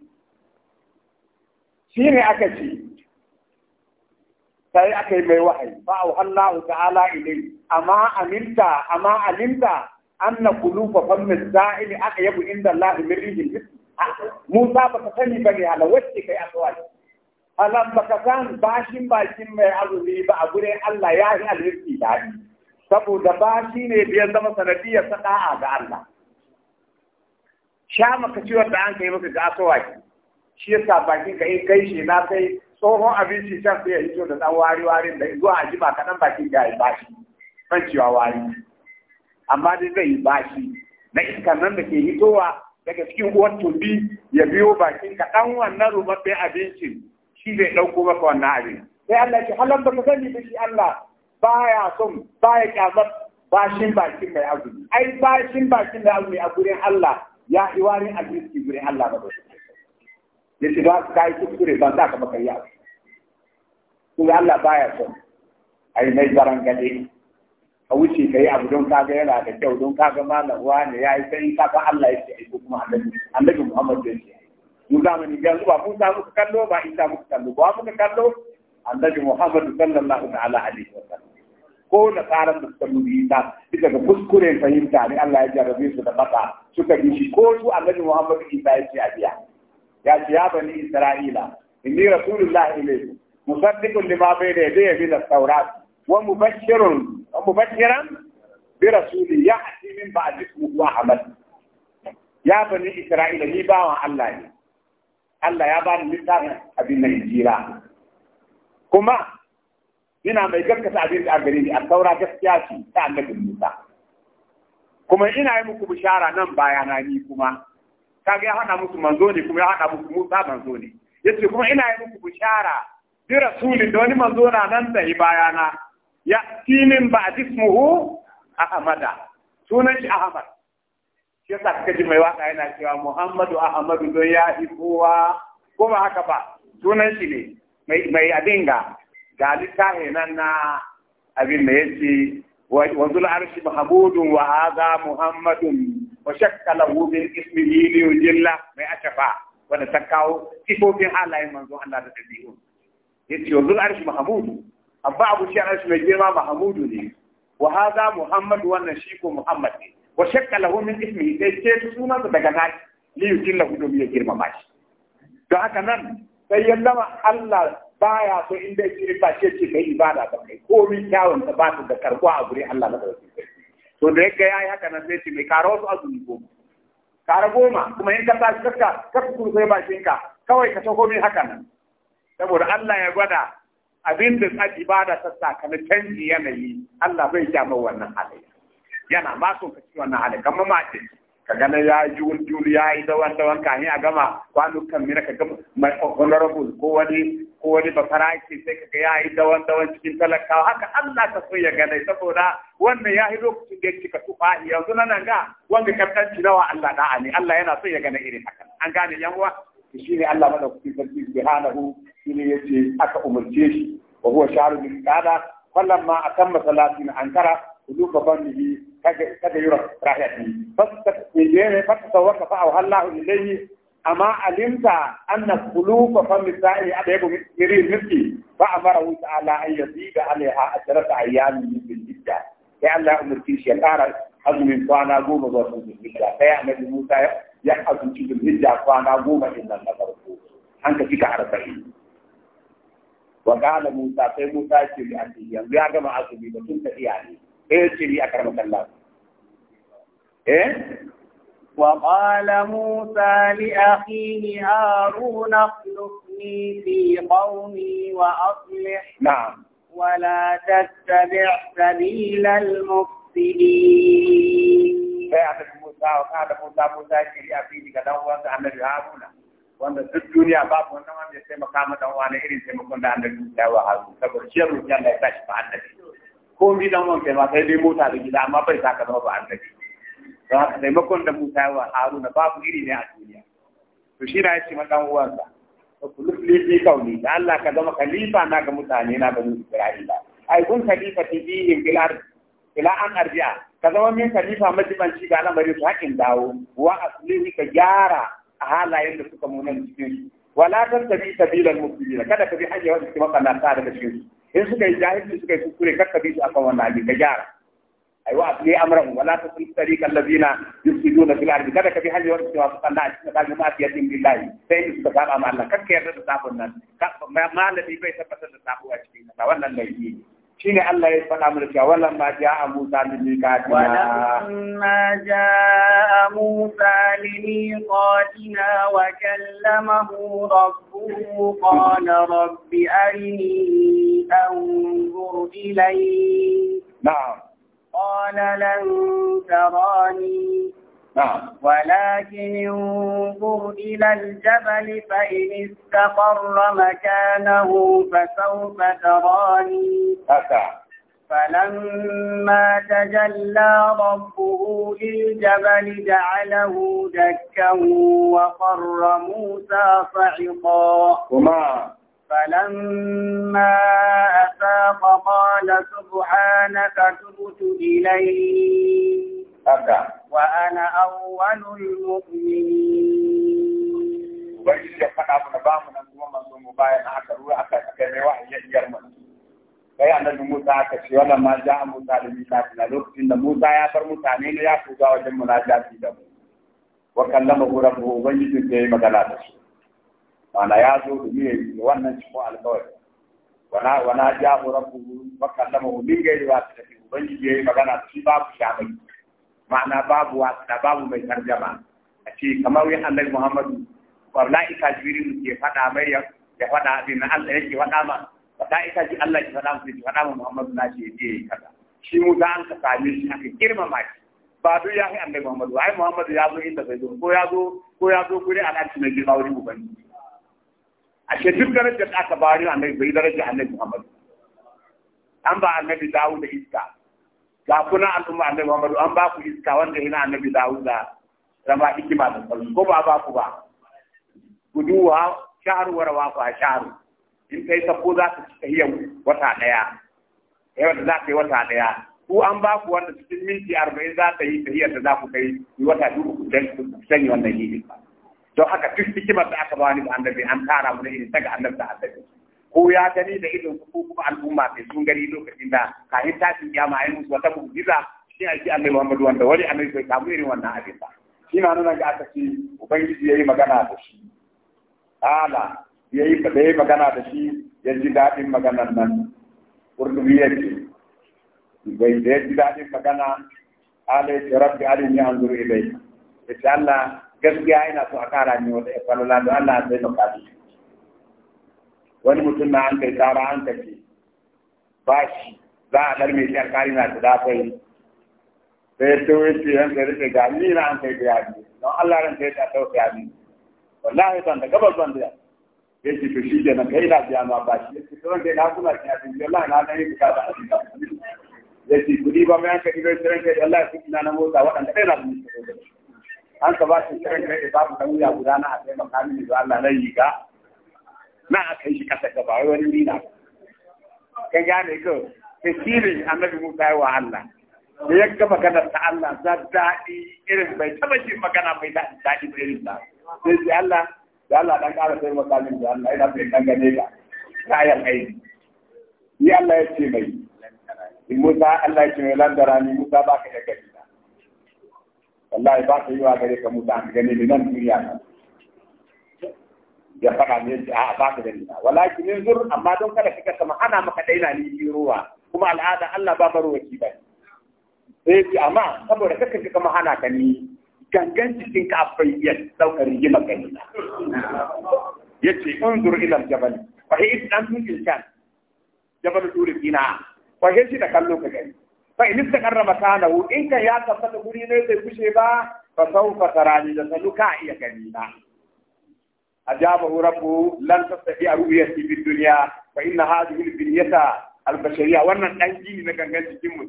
shi ne aka ce sai aka yi mai wahayi ba Allah ta'ala ilai amma aminta amma aminta. anna fa fam sa'ili aka yabu inda Allah min rijil ah, Musa ba ka sani ba ne ala wacce kai alwali alam ba ka san bashin bakin mai azumi ba a gure Allah ya yi da shi saboda bashi ne da ya zama sanadiyar sada'a ga Allah sha maka ciwon da an kai maka ga asawaki shi yasa bakin ka in kai shi na sai tsohon abinci can sai ya hito da dan wari warin da zuwa a jima kaɗan bakin ga bashi ban cewa wari amma dai zai bashi na iskar nan da ke hitowa daga cikin uwar tumbi ya biyo bakin ka dan wannan rubabben abincin shi zai dauko maka wannan abin sai Allah ya halan baka sani da shi Allah baya son baya kyamar bashin bakin mai azumi ai bashin bakin mai azumi a gurin Allah ya yi warin abinci gurin Allah ba ya ce ba ka yi kuskure ban da ka maka yi abu. Kuma Allah baya son a yi mai zaran gade a wuce ka yi abu don kaga yana da kyau don kaga malam ne ya yi sai ga Allah ya ce aiko kuma annabi annabi Muhammad ya ce mu zamani ga zuwa mu za mu kallo ba isa mu kallo ba mu kallo annabi Muhammad sallallahu ta'ala alaihi wa sallam ko da tsaran da suka dubi isa duka ga kuskuren fahimta ne Allah ya jarabe su da baka suka yi shi ko su annabi Muhammad isa ya ce a biya ya ce ya bani Isra'ila inni rasulullahi ilaykum musaddiqun lima bayna yadayhi min at-taurat wa mubashshirun ومبشرا برسول يأتي من بعد اسمه أحمد يا بني إسرائيل نبا الله Allah ya bani littafin abin na injira kuma ina mai gaskata abin a gare ni a saura gaskiya ce ta annabi Musa kuma ina yi muku bishara nan baya na ni kuma kaga ya hada musu manzo ne kuma ya hada muku Musa manzo ne yace kuma ina yi muku bishara bi rasulin da wani manzo na nan da baya na ya tinin ba muhu? Ahamada, sunan shi ahmad shi yasa kake ji mai waka yana cewa muhammadu ahmadu don ya haifuwa ko ba haka ba sunan shi ne mai adinga ga littafi nan na abin da ya ce wa zul arshi mahmudun wa hadha muhammadun wa shakka lahu min ismihi li yujilla mai ashafa wanda ta kawo sifofin halayen manzo Allah da dabi'un yace wa arshi mahmudun Abba abu shi arshi mai girma mahamudu ne wa hadha muhammad wannan shi ko muhammad ne wa shakka lahu min ismihi sai ce sunansa daga naki li yujilla hu domin ya girmama shi don haka nan sai ya zama Allah baya so in dai shi ba ce ce kai ibada ba kai komai kyawun ta ba ta da karbuwa a guri Allah madaukakin sarki to da yake yayi haka nan sai ce mai karo su azumi goma kara goma kuma in ka tashi kakka kaka kun bakinka. kawai ka taho min haka nan saboda Allah ya gwada abin da tsaki ba da sassaka na canji yanayi Allah bai ja wannan halayya yana ma so ka ci wannan halayya kamar ce. ka gana ya yi wuri ya yi dawan dawan ka a gama kwanukan mina ka gama mai honorable ko wani ko wani ce sai ka ga ya yi dawan dawan cikin talakawa haka Allah ta so ya gane saboda wannan ya yi lokacin da ya cika tufa yanzu na nan ga wanda kaftanci nawa Allah da'a ne Allah yana so ya gane irin haka an gane yan uwa shi ne Allah madaukakin sarki subhanahu shine yace aka umarce shi wa huwa sha'ru bil qada falamma atamma salatin ankara quluba bannihi kaga kaga yura rahiyati fastakbiyene fatasawaka fa awhallahu ilayhi amma alimta anna quluba fami sa'i adabu mirin miski fa amara ta'ala an yazida alaiha asharata ayyamin bil idda sai Allah umarci shi ya kara azumin kwana goma zuwa su zulhijja sai annabi Musa ya azumci zulhijja kwana goma din nan na farko an ka cika arba'in وقال موسى في موسى يشري عندي يوم يا جماعة سبي بطن تقياني إيه يشري أكرمك الله إيه وقال موسى لأخيه هارون اخلفني في قومي وأصلح نعم ولا تتبع سبيل المفسدين. فأعتقد إيه موسى وقال موسى موسى يشري أخيه كذا وأنت عمل هارون wanda duk duniya babu wannan wanda ya taimaka ma dan wani irin taimakon da annabi ya wa haru saboda shi ruwan Allah ya tashi ba annabi ko mi dan wani taimaka sai dai mota da gida amma bai saka zama ba annabi don haka taimakon da Musa ya wa Haruna babu iri ne a duniya to shi na yace ma dan uwansa kulufli fi kauni da Allah ka zama khalifa na ga mutane na ga Isra'ila ai kun khalifa ti bihim bil ard ila an arji'a ka zama min khalifa majibanci ga al'amarin su hakin dawo wa aslihi ka gyara a halayen da suka munan cikin su wala kan tabi sabilan muslimina kada ka bi hanya wanda suke makalata daga cikin su in suka yi jahilci suka yi kuskure kar ka bi su akan wannan abin ka gyara aiwa a tsaye amran wala ta sun tsari kallazina yusiduna fil da kada ka bi hanya wanda suke makalata a cikin kalmi ma fiye din billahi sai in suka saba ma Allah kar ka yarda da sabon nan malami bai tabbatar da sabuwa cikin nasa wannan laifi ne شين الله يفعل أمرك ولما جاء موسى لميقاتنا ولما جاء موسى لميقاتنا وكلمه ربه قال رب أرني أنظر إليك نعم قال لن تراني نعم. ولكن انظر إلى الجبل فإن استقر مكانه فسوف تراني فلما تجلى ربه للجبل جعله دكا وقر موسى صعقا فلما أفاق قال سبحانك تبت إليك haka wa ana awwalul mu'minin bari ya faɗa mana ba mu nan kuma manzo mu bayan haka ruwa aka aka mai wahayi yar mu sai annabi Musa aka ce wala ma ja'a Musa da Misa na lokacin da Musa ya bar mutane ne ya kuga wajen munajati da mu wa kallama rabbuhu ubangiji sai magana da shi mana ya zo domin ya wannan cikin alkawari wana wana ya rabbuhu wa kallamahu min ghairi wasu ubangiji yayi magana shi babu shabai ma'ana babu wasa babu mai tarjama a ce kamar wai annabi muhammadu Wa mala'ika jibril ke faɗa mai ya faɗa abin Allah yake faɗa ma mala'ika ji Allah ke faɗa musu ke faɗa ma muhammadu na ce je kaza shi Musa an ka same shi aka girmama shi ba duk ya kai annabi muhammadu ai muhammadu ya zo inda bai zo ko ya zo ko ya zo guri al'arci na girma wurin ubangiji a ce duk darajar da aka bari annabi bai darajar annabi muhammadu an ba annabi dawo da iska ga kuna al'umma annabi Muhammadu an ba ku iska wanda ina annabi Dawud da rama hikima da sallu ko ba ba ku ba guduwa shahru wa rawafa shahru in kai sabo za ta cika yau wata daya yau da za ta yi wata daya ku an ba ku wanda cikin minti arba'in za ta yi tahiyar da za ku kai yi wata biyu ku sanya wannan hikima don haka duk hikimar da aka ba ni da annabi an tara mu da irin daga ga annabi da annabi ko ya gani da idon su ko kuma al'umma da sun gani lokacin da kafin tashin kiyama ai musu wata mu'jiza shi ake Annabi Muhammadu wanda wani annabi bai samu irin wannan abin ba shi na nuna ga aka ce ubangiji yayi magana da shi ala ya yi magana da shi ya ji daɗin maganar nan kurdubi ya ce bai da ya ji daɗin magana ala ya ce rabbi alim ya anzuru ilai ya ce Allah gaskiya ina so a kara ni wata ifalala da Allah ya taimaka ni wani mutum na an kai tsara an kace ba shi za a ɗar mai shi alƙari na tuda kai sai ta wuce yan sai rike ga ni na an kai da yabi don Allah ran sai ta tauka yabi wallahi ban da gabas ban da ya ce to shi ke nan kai na biya ma ba shi ya ce to ran kai na kuna ki yabi wallahi na dan yi ka ba ya ce kudi ba mai an kai da ran kai wallahi kudi na na motsa waɗanda kai na mun an ka ba shi ran kai da babu dan wuya guda na a kai makamin da Allah na yi ga na a yi shi kasa gaba wai wani rina ka gane ko tasirin annabi Musa ya wa Allah da ya ga maganar ta Allah za daɗi irin bai taɓa shi magana mai daɗi daɗi ba irin ta sai sai Allah da Allah dan ƙara sai makalin da Allah ina bai dan gane ka kayan aiki yi Allah ya ce mai Musa Allah ya ce mai landara ni Musa ba ka da gani wallahi ba ka yi wa gare ka Musa an gane ni nan duniya ya faɗa min a ba ka da nisa walakin min zur amma don kada kika sama ana maka daina ni ruwa kuma al'ada Allah ba baro waki ba sai amma saboda kaka kika ma hana ka ni gangan cikin ka bai iya daukar rigima kai yace unzur ila al-jabal fa hi antum insan jabal turi fina fa hi shi da kallo ka gani fa in istaqarra makanahu in ka ya tabbata guri ne bai kushe ba fa sawfa tarani da saluka iya gani na أجابه ربه لن تستطيع رؤيتي في الدنيا فإن هذه البنية البشرية وأن الأنجيل لكن كان تتم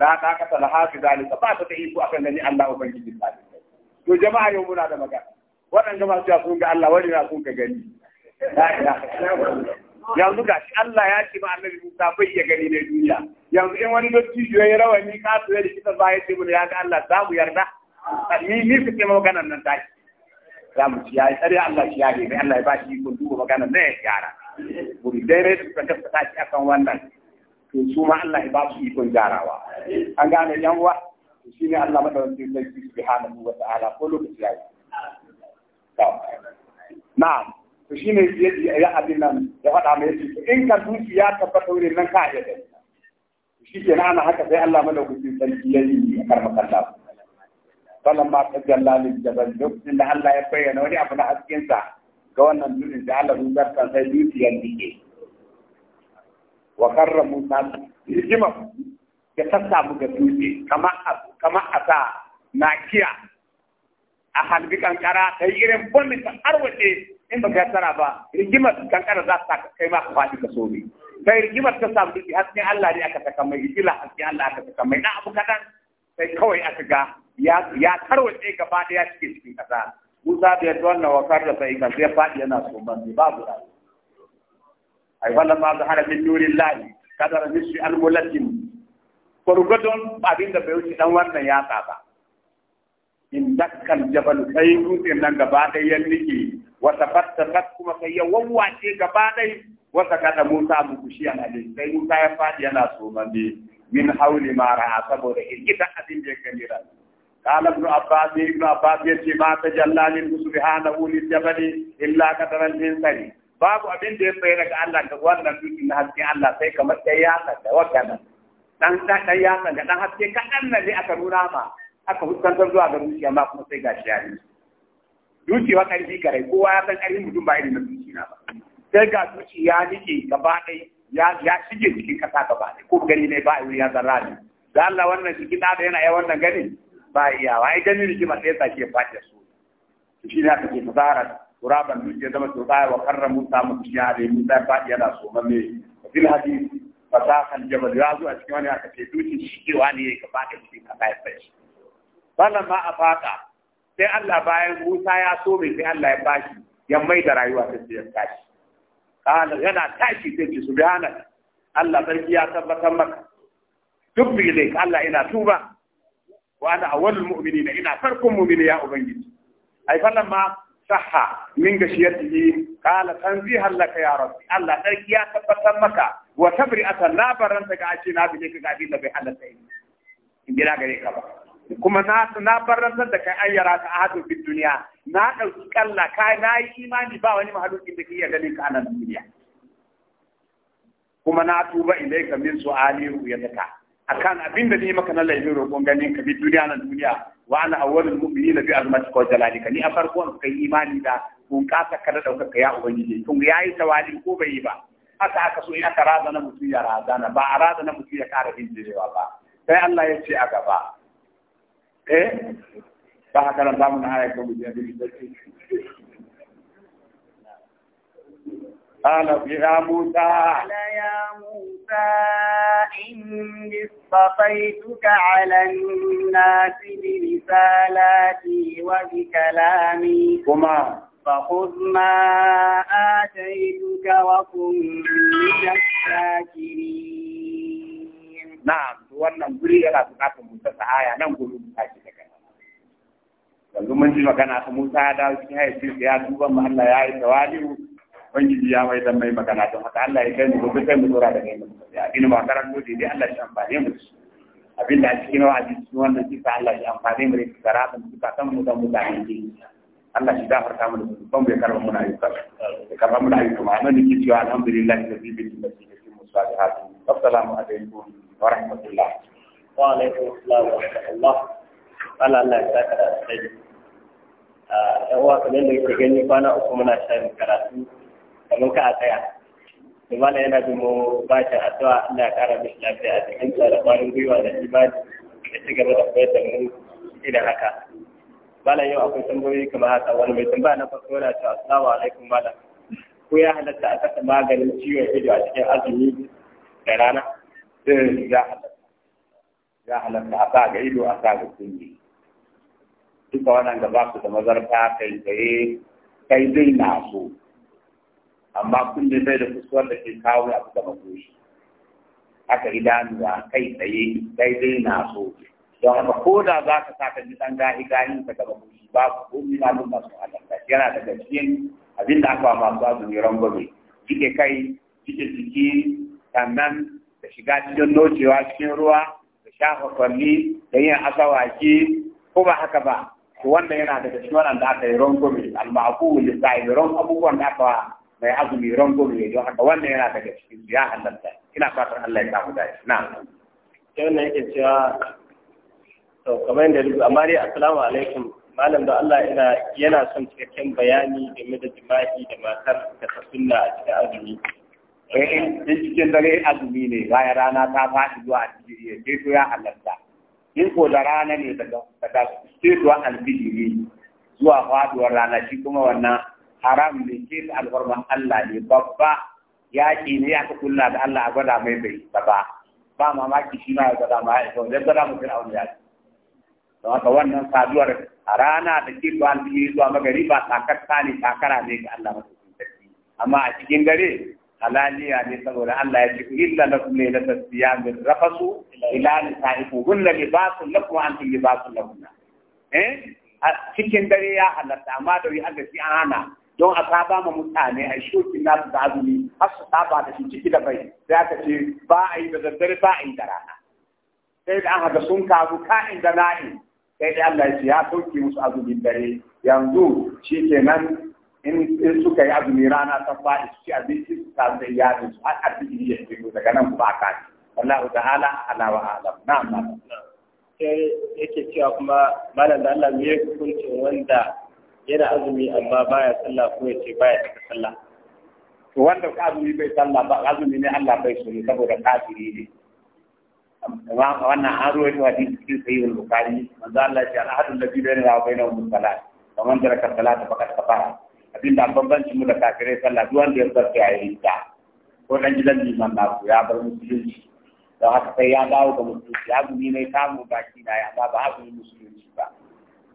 لا طاقة لها في ذلك فتعيش أخلني الله أبنجي بالله to jama'a yau muna da magana waɗanda masu ya sun ga Allah wani na sun ka gani yanzu duka shi Allah ya ce ma annabi Musa bai ya gani na duniya yanzu in wani dattijo ya rawani ka tsaye da rikita ba ya ce mun ya ga Allah za mu yarda ni ni su ke maganar nan taki za mu ci yayi tsare Allah shi yayi mai Allah ya ba shi ikon duba magana na ya gyara guri dai su ka tabbata shi akan wannan to su ma Allah ya ba su ikon gyarawa an gane yan uwa shi ne Allah madaukakin sarki subhanahu wa ta'ala ko lokaci yayi Na to shine ya abin nan ya faɗa mai yace in ka duki ya tabbata wurin nan ka ya dai shi kenan ana haka sai Allah madaukakin sarki yayi a karmakan Allah falamma tajalla lil jabal lokacin da Allah ya bayyana wani abu na hasken sa ga wannan dutsen da Allah ya zarta sai dutsen dike wa karra Musa hikima ya tassa mu ga dutse kamar asa nakiya a halbi kankara ta yi irin bombin ta arwace in ba ka ba rigimar kankara za ta kai ma ka rigimar ta samu dutse hasken Allah ne aka saka mai hasken Allah aka saka na abu kadan sai kawai aka ga ya tarwace gaba ɗaya cikin cikin kasa. musa bai yadda na wakar da sai kan sai faɗi yana so tsoban ne babu da ai wannan ma da haramin nurin lahi kadara shi almulatin gwargwadon abin da bai wuce dan wannan ya saba. in dakkan jabal kai dutsen nan gaba ɗaya ya nike wata fattakat kuma kai ya wawwace gaba ɗaya wata kada musa mu a alai sai musa ya faɗi yana so tsoban ne min hauli mara saboda irgita abin da ya gani ranar قال ابن عباس ابن عباس يتي ما تجلى لله سبحانه للجبل إلا قدر الإنسان باب ابن da بينك الله ga Allah da wannan dukkan na hasken Allah sai kamar ɗan yatsa da wakana dan dan ga dan haske kaɗan na ne aka nuna ma aka fuskantar zuwa ga zuciya ma kuma sai gashi ya yi duki wa ƙarfi garai kowa ya san ƙarfin mutum ba irin na zuciya ba sai ga duki ya nike gaba dai ya ya shige cikin kasa gaba dai ko gani ne ba ya zarra ne da Allah wannan cikin da yana yawan wannan gani ba iyawa ai ganin rigima sai sake ke fadi su shi ne aka ce fasara turaban duk ya zama turbaya wa karra musa shi ya da musa ya fadi yana so mamme fil hadisi fasahan jabal ya zo a cikin wani aka ce duki shigewa ne ya ka shi cikin kasa ya shi bala ma a faka sai Allah bayan Musa ya so mai sai Allah ya bashi ya mai da rayuwa ta ce ya tashi kana yana tashi sai ce subhanak Allah sarki ya tabbatar maka duk bi Allah ina tuba wa ana awwalul mu'minina ina farkon mu'mini ya ubangiji ai falamma sahha min gashiyatihi qala tanzihan laka ya rabbi Allah sarki ya tabbatar maka wa tabri'atan la baranta ga ace na bige ka ga da bai halatta in gida gare ka ba kuma na na da kai an yara ta ahadun fi duniya na dauki kalla kai na yi imani ba wani mahalukin da ka iya ganin ka anan duniya kuma na tuba ilaika min su'ali ru'yataka akan abin da ni maka na laifin roƙon ganin ka bi duniya na duniya wa ana mumini na bi azmatika jalali. jalalika ni a farkon kai imani da bunƙasa ka da ɗaukaka ya ubangiji tun yayi tawali ko bai yi ba haka aka so in aka razana mutum ya razana ba a razana mutum ya ƙara bindirewa ba sai Allah ya ce a gaba eh ba haka ran zamu na ayatu bi da قال يا موسى قال يا موسى إني اصطفيتك على الناس برسالاتي وبكلامي كما فخذ ما آتيتك وكن من الشاكرين نعم wannan guri Musa ta nan ta magana ta Musa ya dawo cikin haifin ya duba ya yi tawali'u ubangiji ya mai dan mai magana don haka Allah ya kai mu gobe kai mu dora da kai mu ya abin ba karanto dai dai Allah ya amfane mu abin da a cikin wa'azi cikin wannan kisa Allah ya amfane mu da karatun kisa kan mu da mutane ne Allah shi gafarta mu da su ban bai karba muna ayyuka ya karba muna alhamdulillah da bi bi da shi da mu salihat assalamu alaikum wa rahmatullah wa alaikum assalam wa rahmatullah Allah Allah ya saka da sai a ah, yawa kamar da yake gani kwana uku muna shayin karatu ka ka a tsaya imana yana bi mu ba shi addu'a Allah ya kara mishi lafiya a cikin sa da kwarin gwiwa da imani da ci gaba da koyar da mu idan haka Bala yau akwai tambayoyi kamar haka wani mai tambaya na farko yana cewa assalamu alaikum bala ko ya halatta a kasa maganin ciwon ido a cikin azumi da rana eh, ya halatta ya halatta a sa ga ido a sa ga kunni duka wannan da ba su da mazarta kai tsaye kai dai na so amma kunne bai da kusuwar da ke kawo abu da makoshi aka idanuwa kai tsaye daidai na so don haka ko da za ka sa ka ji ɗan gahi gahi ka gaba kushi ku komi na nuna masu halatta yana daga cikin abin da aka masu azumi rangwame jike kai jike jiki sannan da shiga cikin nocewa cikin ruwa da shafa kwalli da yin asawaki ko ba haka ba Wanda yana daga cikin wannan da aka yi rangwame al-ma'qul lisa'il ran abubuwan da aka mai azumi gobe ne don haka wannan yana daga cikin ya halatta ina fatan Allah ya mu dace na ta wannan yake cewa to kamar yadda duk amma dai assalamu alaikum malam da Allah ina yana son cikakken bayani game da jima'i da matar da ta sunna a cikin azumi eh, eh din cikin dare azumi ne bayan rana ta fadi zuwa alfijiri sai to ya halatta in ko da rana ne daga daga sai zuwa ne zuwa faduwar rana shi kuma wannan haram ne ce alfarman Allah ne babba yaƙi ne aka kulla da Allah a gwada mai bai ba ba mamaki shi ma ya gwada ma ya gwada gwada mutum a wani yaƙi don haka wannan saduwar a rana da ke zuwa alfiye zuwa magari ba takarta ne takara ne ga Allah masu amma a cikin gare halaliya ne saboda Allah ya ce illa lakum ne la tasbiya min rafasu ila ni nisaikum hunna libasun lakum wa ba libasun lahunna eh cikin dare ya halatta amma da yi aka ci ana don a saba ma mutane a na su da azumi har su saba da shi ciki da bai sai aka ce ba a yi da daddare ba a yi da rana sai da an haka sun karu ka'in da na'in sai da Allah ya ce ya sauke musu azumin dare yanzu shi ke nan in suka yi azumi rana ta faɗi su ci abinci su ta sai ya su har arziki ya fito daga nan ba ka ci wallahu ta'ala ala wa alam na amma sai yake cewa kuma malam da Allah me hukuncin wanda yana azumi amma baya sallah ko ya ce baya cika sallah to wanda ka azumi bai sallah ba azumi ne Allah bai so ne saboda kafiri ne amma wannan an ruwaito hadisi cikin sahih al-bukhari manzo Allah ya ce al-ahadu alladhi bainana wa bainahum salat kamar da ka ta baka kafara abinda bambancin mu da kafirai sallah duk wanda ya zarta ya yi ta ko dan gidan liman na ku ya bar musulunci don haka sai ya dawo ga musulunci azumi ne kamun baki na ya ba ba azumi musulunci ba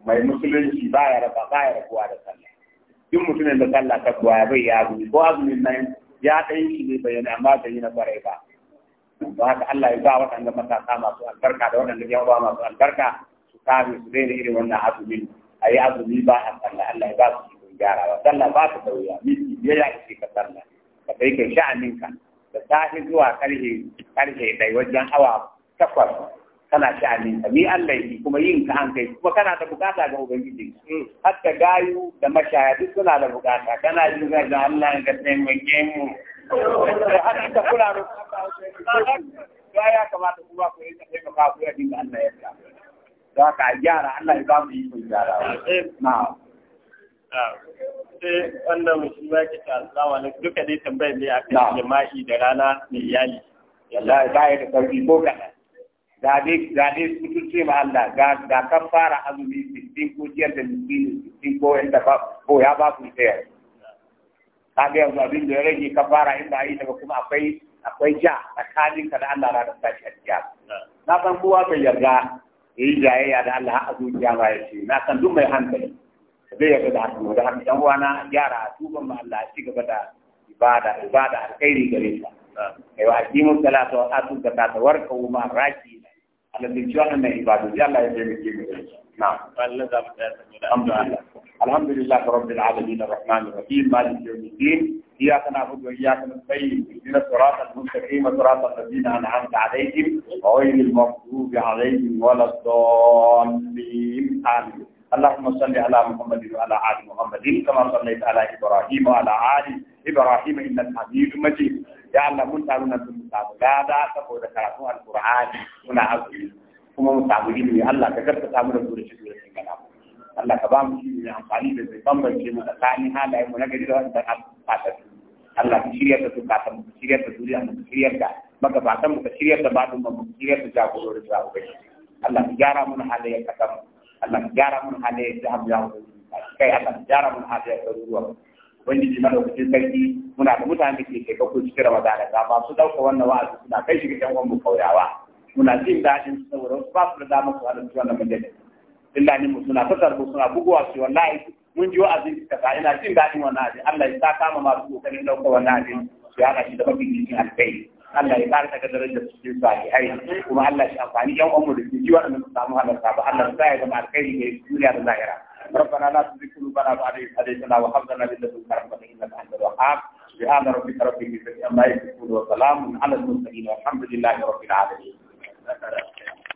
mai musulunci ba ya raba ba ya rabuwa da sallah duk mutumin da sallah ta kuwa bai ya azumi ko azumin nan ya ɗan shi ne bayani amma bai yi na kwarai ba Ba haka Allah ya ba waɗanda matasa masu albarka da waɗanda yawa ba masu albarka su kame su daina irin wannan azumin a yi azumi ba a sallah Allah ya ba su cikin ba. sallah ba ta sauya miki ya ya ce ka sallah ka kai kai sha'aninka da safe zuwa karhe karhe ɗaya wajen awa takwas kana sha'anin ka ni Allah yi kuma yin ka an kai kuma kana da bukata ga ubangiji hmm. hatta gayu da mashaya duk suna da bukata kana jin ga Allah ka taimake mu har ita kula da ya ya kamata kuma ku yi taimaka ku ya dinga Allah ya ka don haka gyara Allah ya ba mu yi ku gyara na'am sai wannan shi ba ki ta tsawa ne duka dai tambayar ne akan jima'i da rana mai iyali wallahi ba ya da sauki ko kaɗan ga dai ga dai mutunce Allah ga ga kafara azumi 60 ko ciyar da miskini 60 ko inda ba ko ya ba ku tsaya ga yanzu abin da ya rage kafara in ba yi daga kuma akwai akwai ja tsakanin ka da Allah ranar tashi a ciya na san kowa bai yarda yi jayayya da Allah a zuciya ba ya ce na san duk mai hankali zai yarda da hannu da haka yan uwana gyara tuban ma Allah ci gaba da ibada ibada alkhairi gare ka aiwa aqimu salata wa atu zakata warku ma raki نعم. الحمد لله رب العالمين الرحمن الرحيم مالك يوم الدين إياك نعبد وإياك نستعين اهدنا الصراط المستقيم صراط الذين أنعمت عليهم غير المغضوب عليهم ولا الضالين آمين اللهم صل على محمد وعلى آل محمد كما صليت على إبراهيم وعلى آل إبراهيم إنك حميد مجيد ya Allah mun taru nan mun samu gada saboda karatun alqur'ani muna azumi kuma mun samu ilimi Allah ka karka samu da zuri cikin rashin kana Allah ka ba mu shi ne amfani da zai bambance mu tsakanin halayen mu na gari da wanda aka Allah ka shirya da su ka mu shirya ta zuriya mu shirya da magabatan mu ka shirya ta badun mu shirya da jagorori da ubangiji Allah ka gyara mun halayen kasar Allah ka gyara mun halayen da hamdu kai Allah ka gyara mun halayen ruwa. ji ubangiji madaukakin sarki muna da mutane ke ke shekakku cikin ramadana ga masu dauka wannan wa'azi suna kai shiga ga ƴan uwanmu kauyawa muna jin daɗin su saboda wasu ba su da dama su halarci wannan majalis illanin mu suna fasar mu suna bugowa su wallahi mun ji wa'azi su kasa ina jin daɗin wannan abin Allah ya sa kama masu kokarin dauka wannan abin su yaɗa shi da mafi jikin alkai Allah ya ƙara daga darajar su cikin salihai kuma Allah shi amfani ƴan uwanmu da ke ji wa'azi su samu halarta ba Allah ya sa ya zama alkai ne duniya da lahira ربنا لا تزغ قلوبنا بعد إذ هديتنا وهب لنا من لدنك رحمة إنك أنت الوهاب سبحان ربك رب العزة عما يصفون وسلام على المرسلين والحمد لله رب العالمين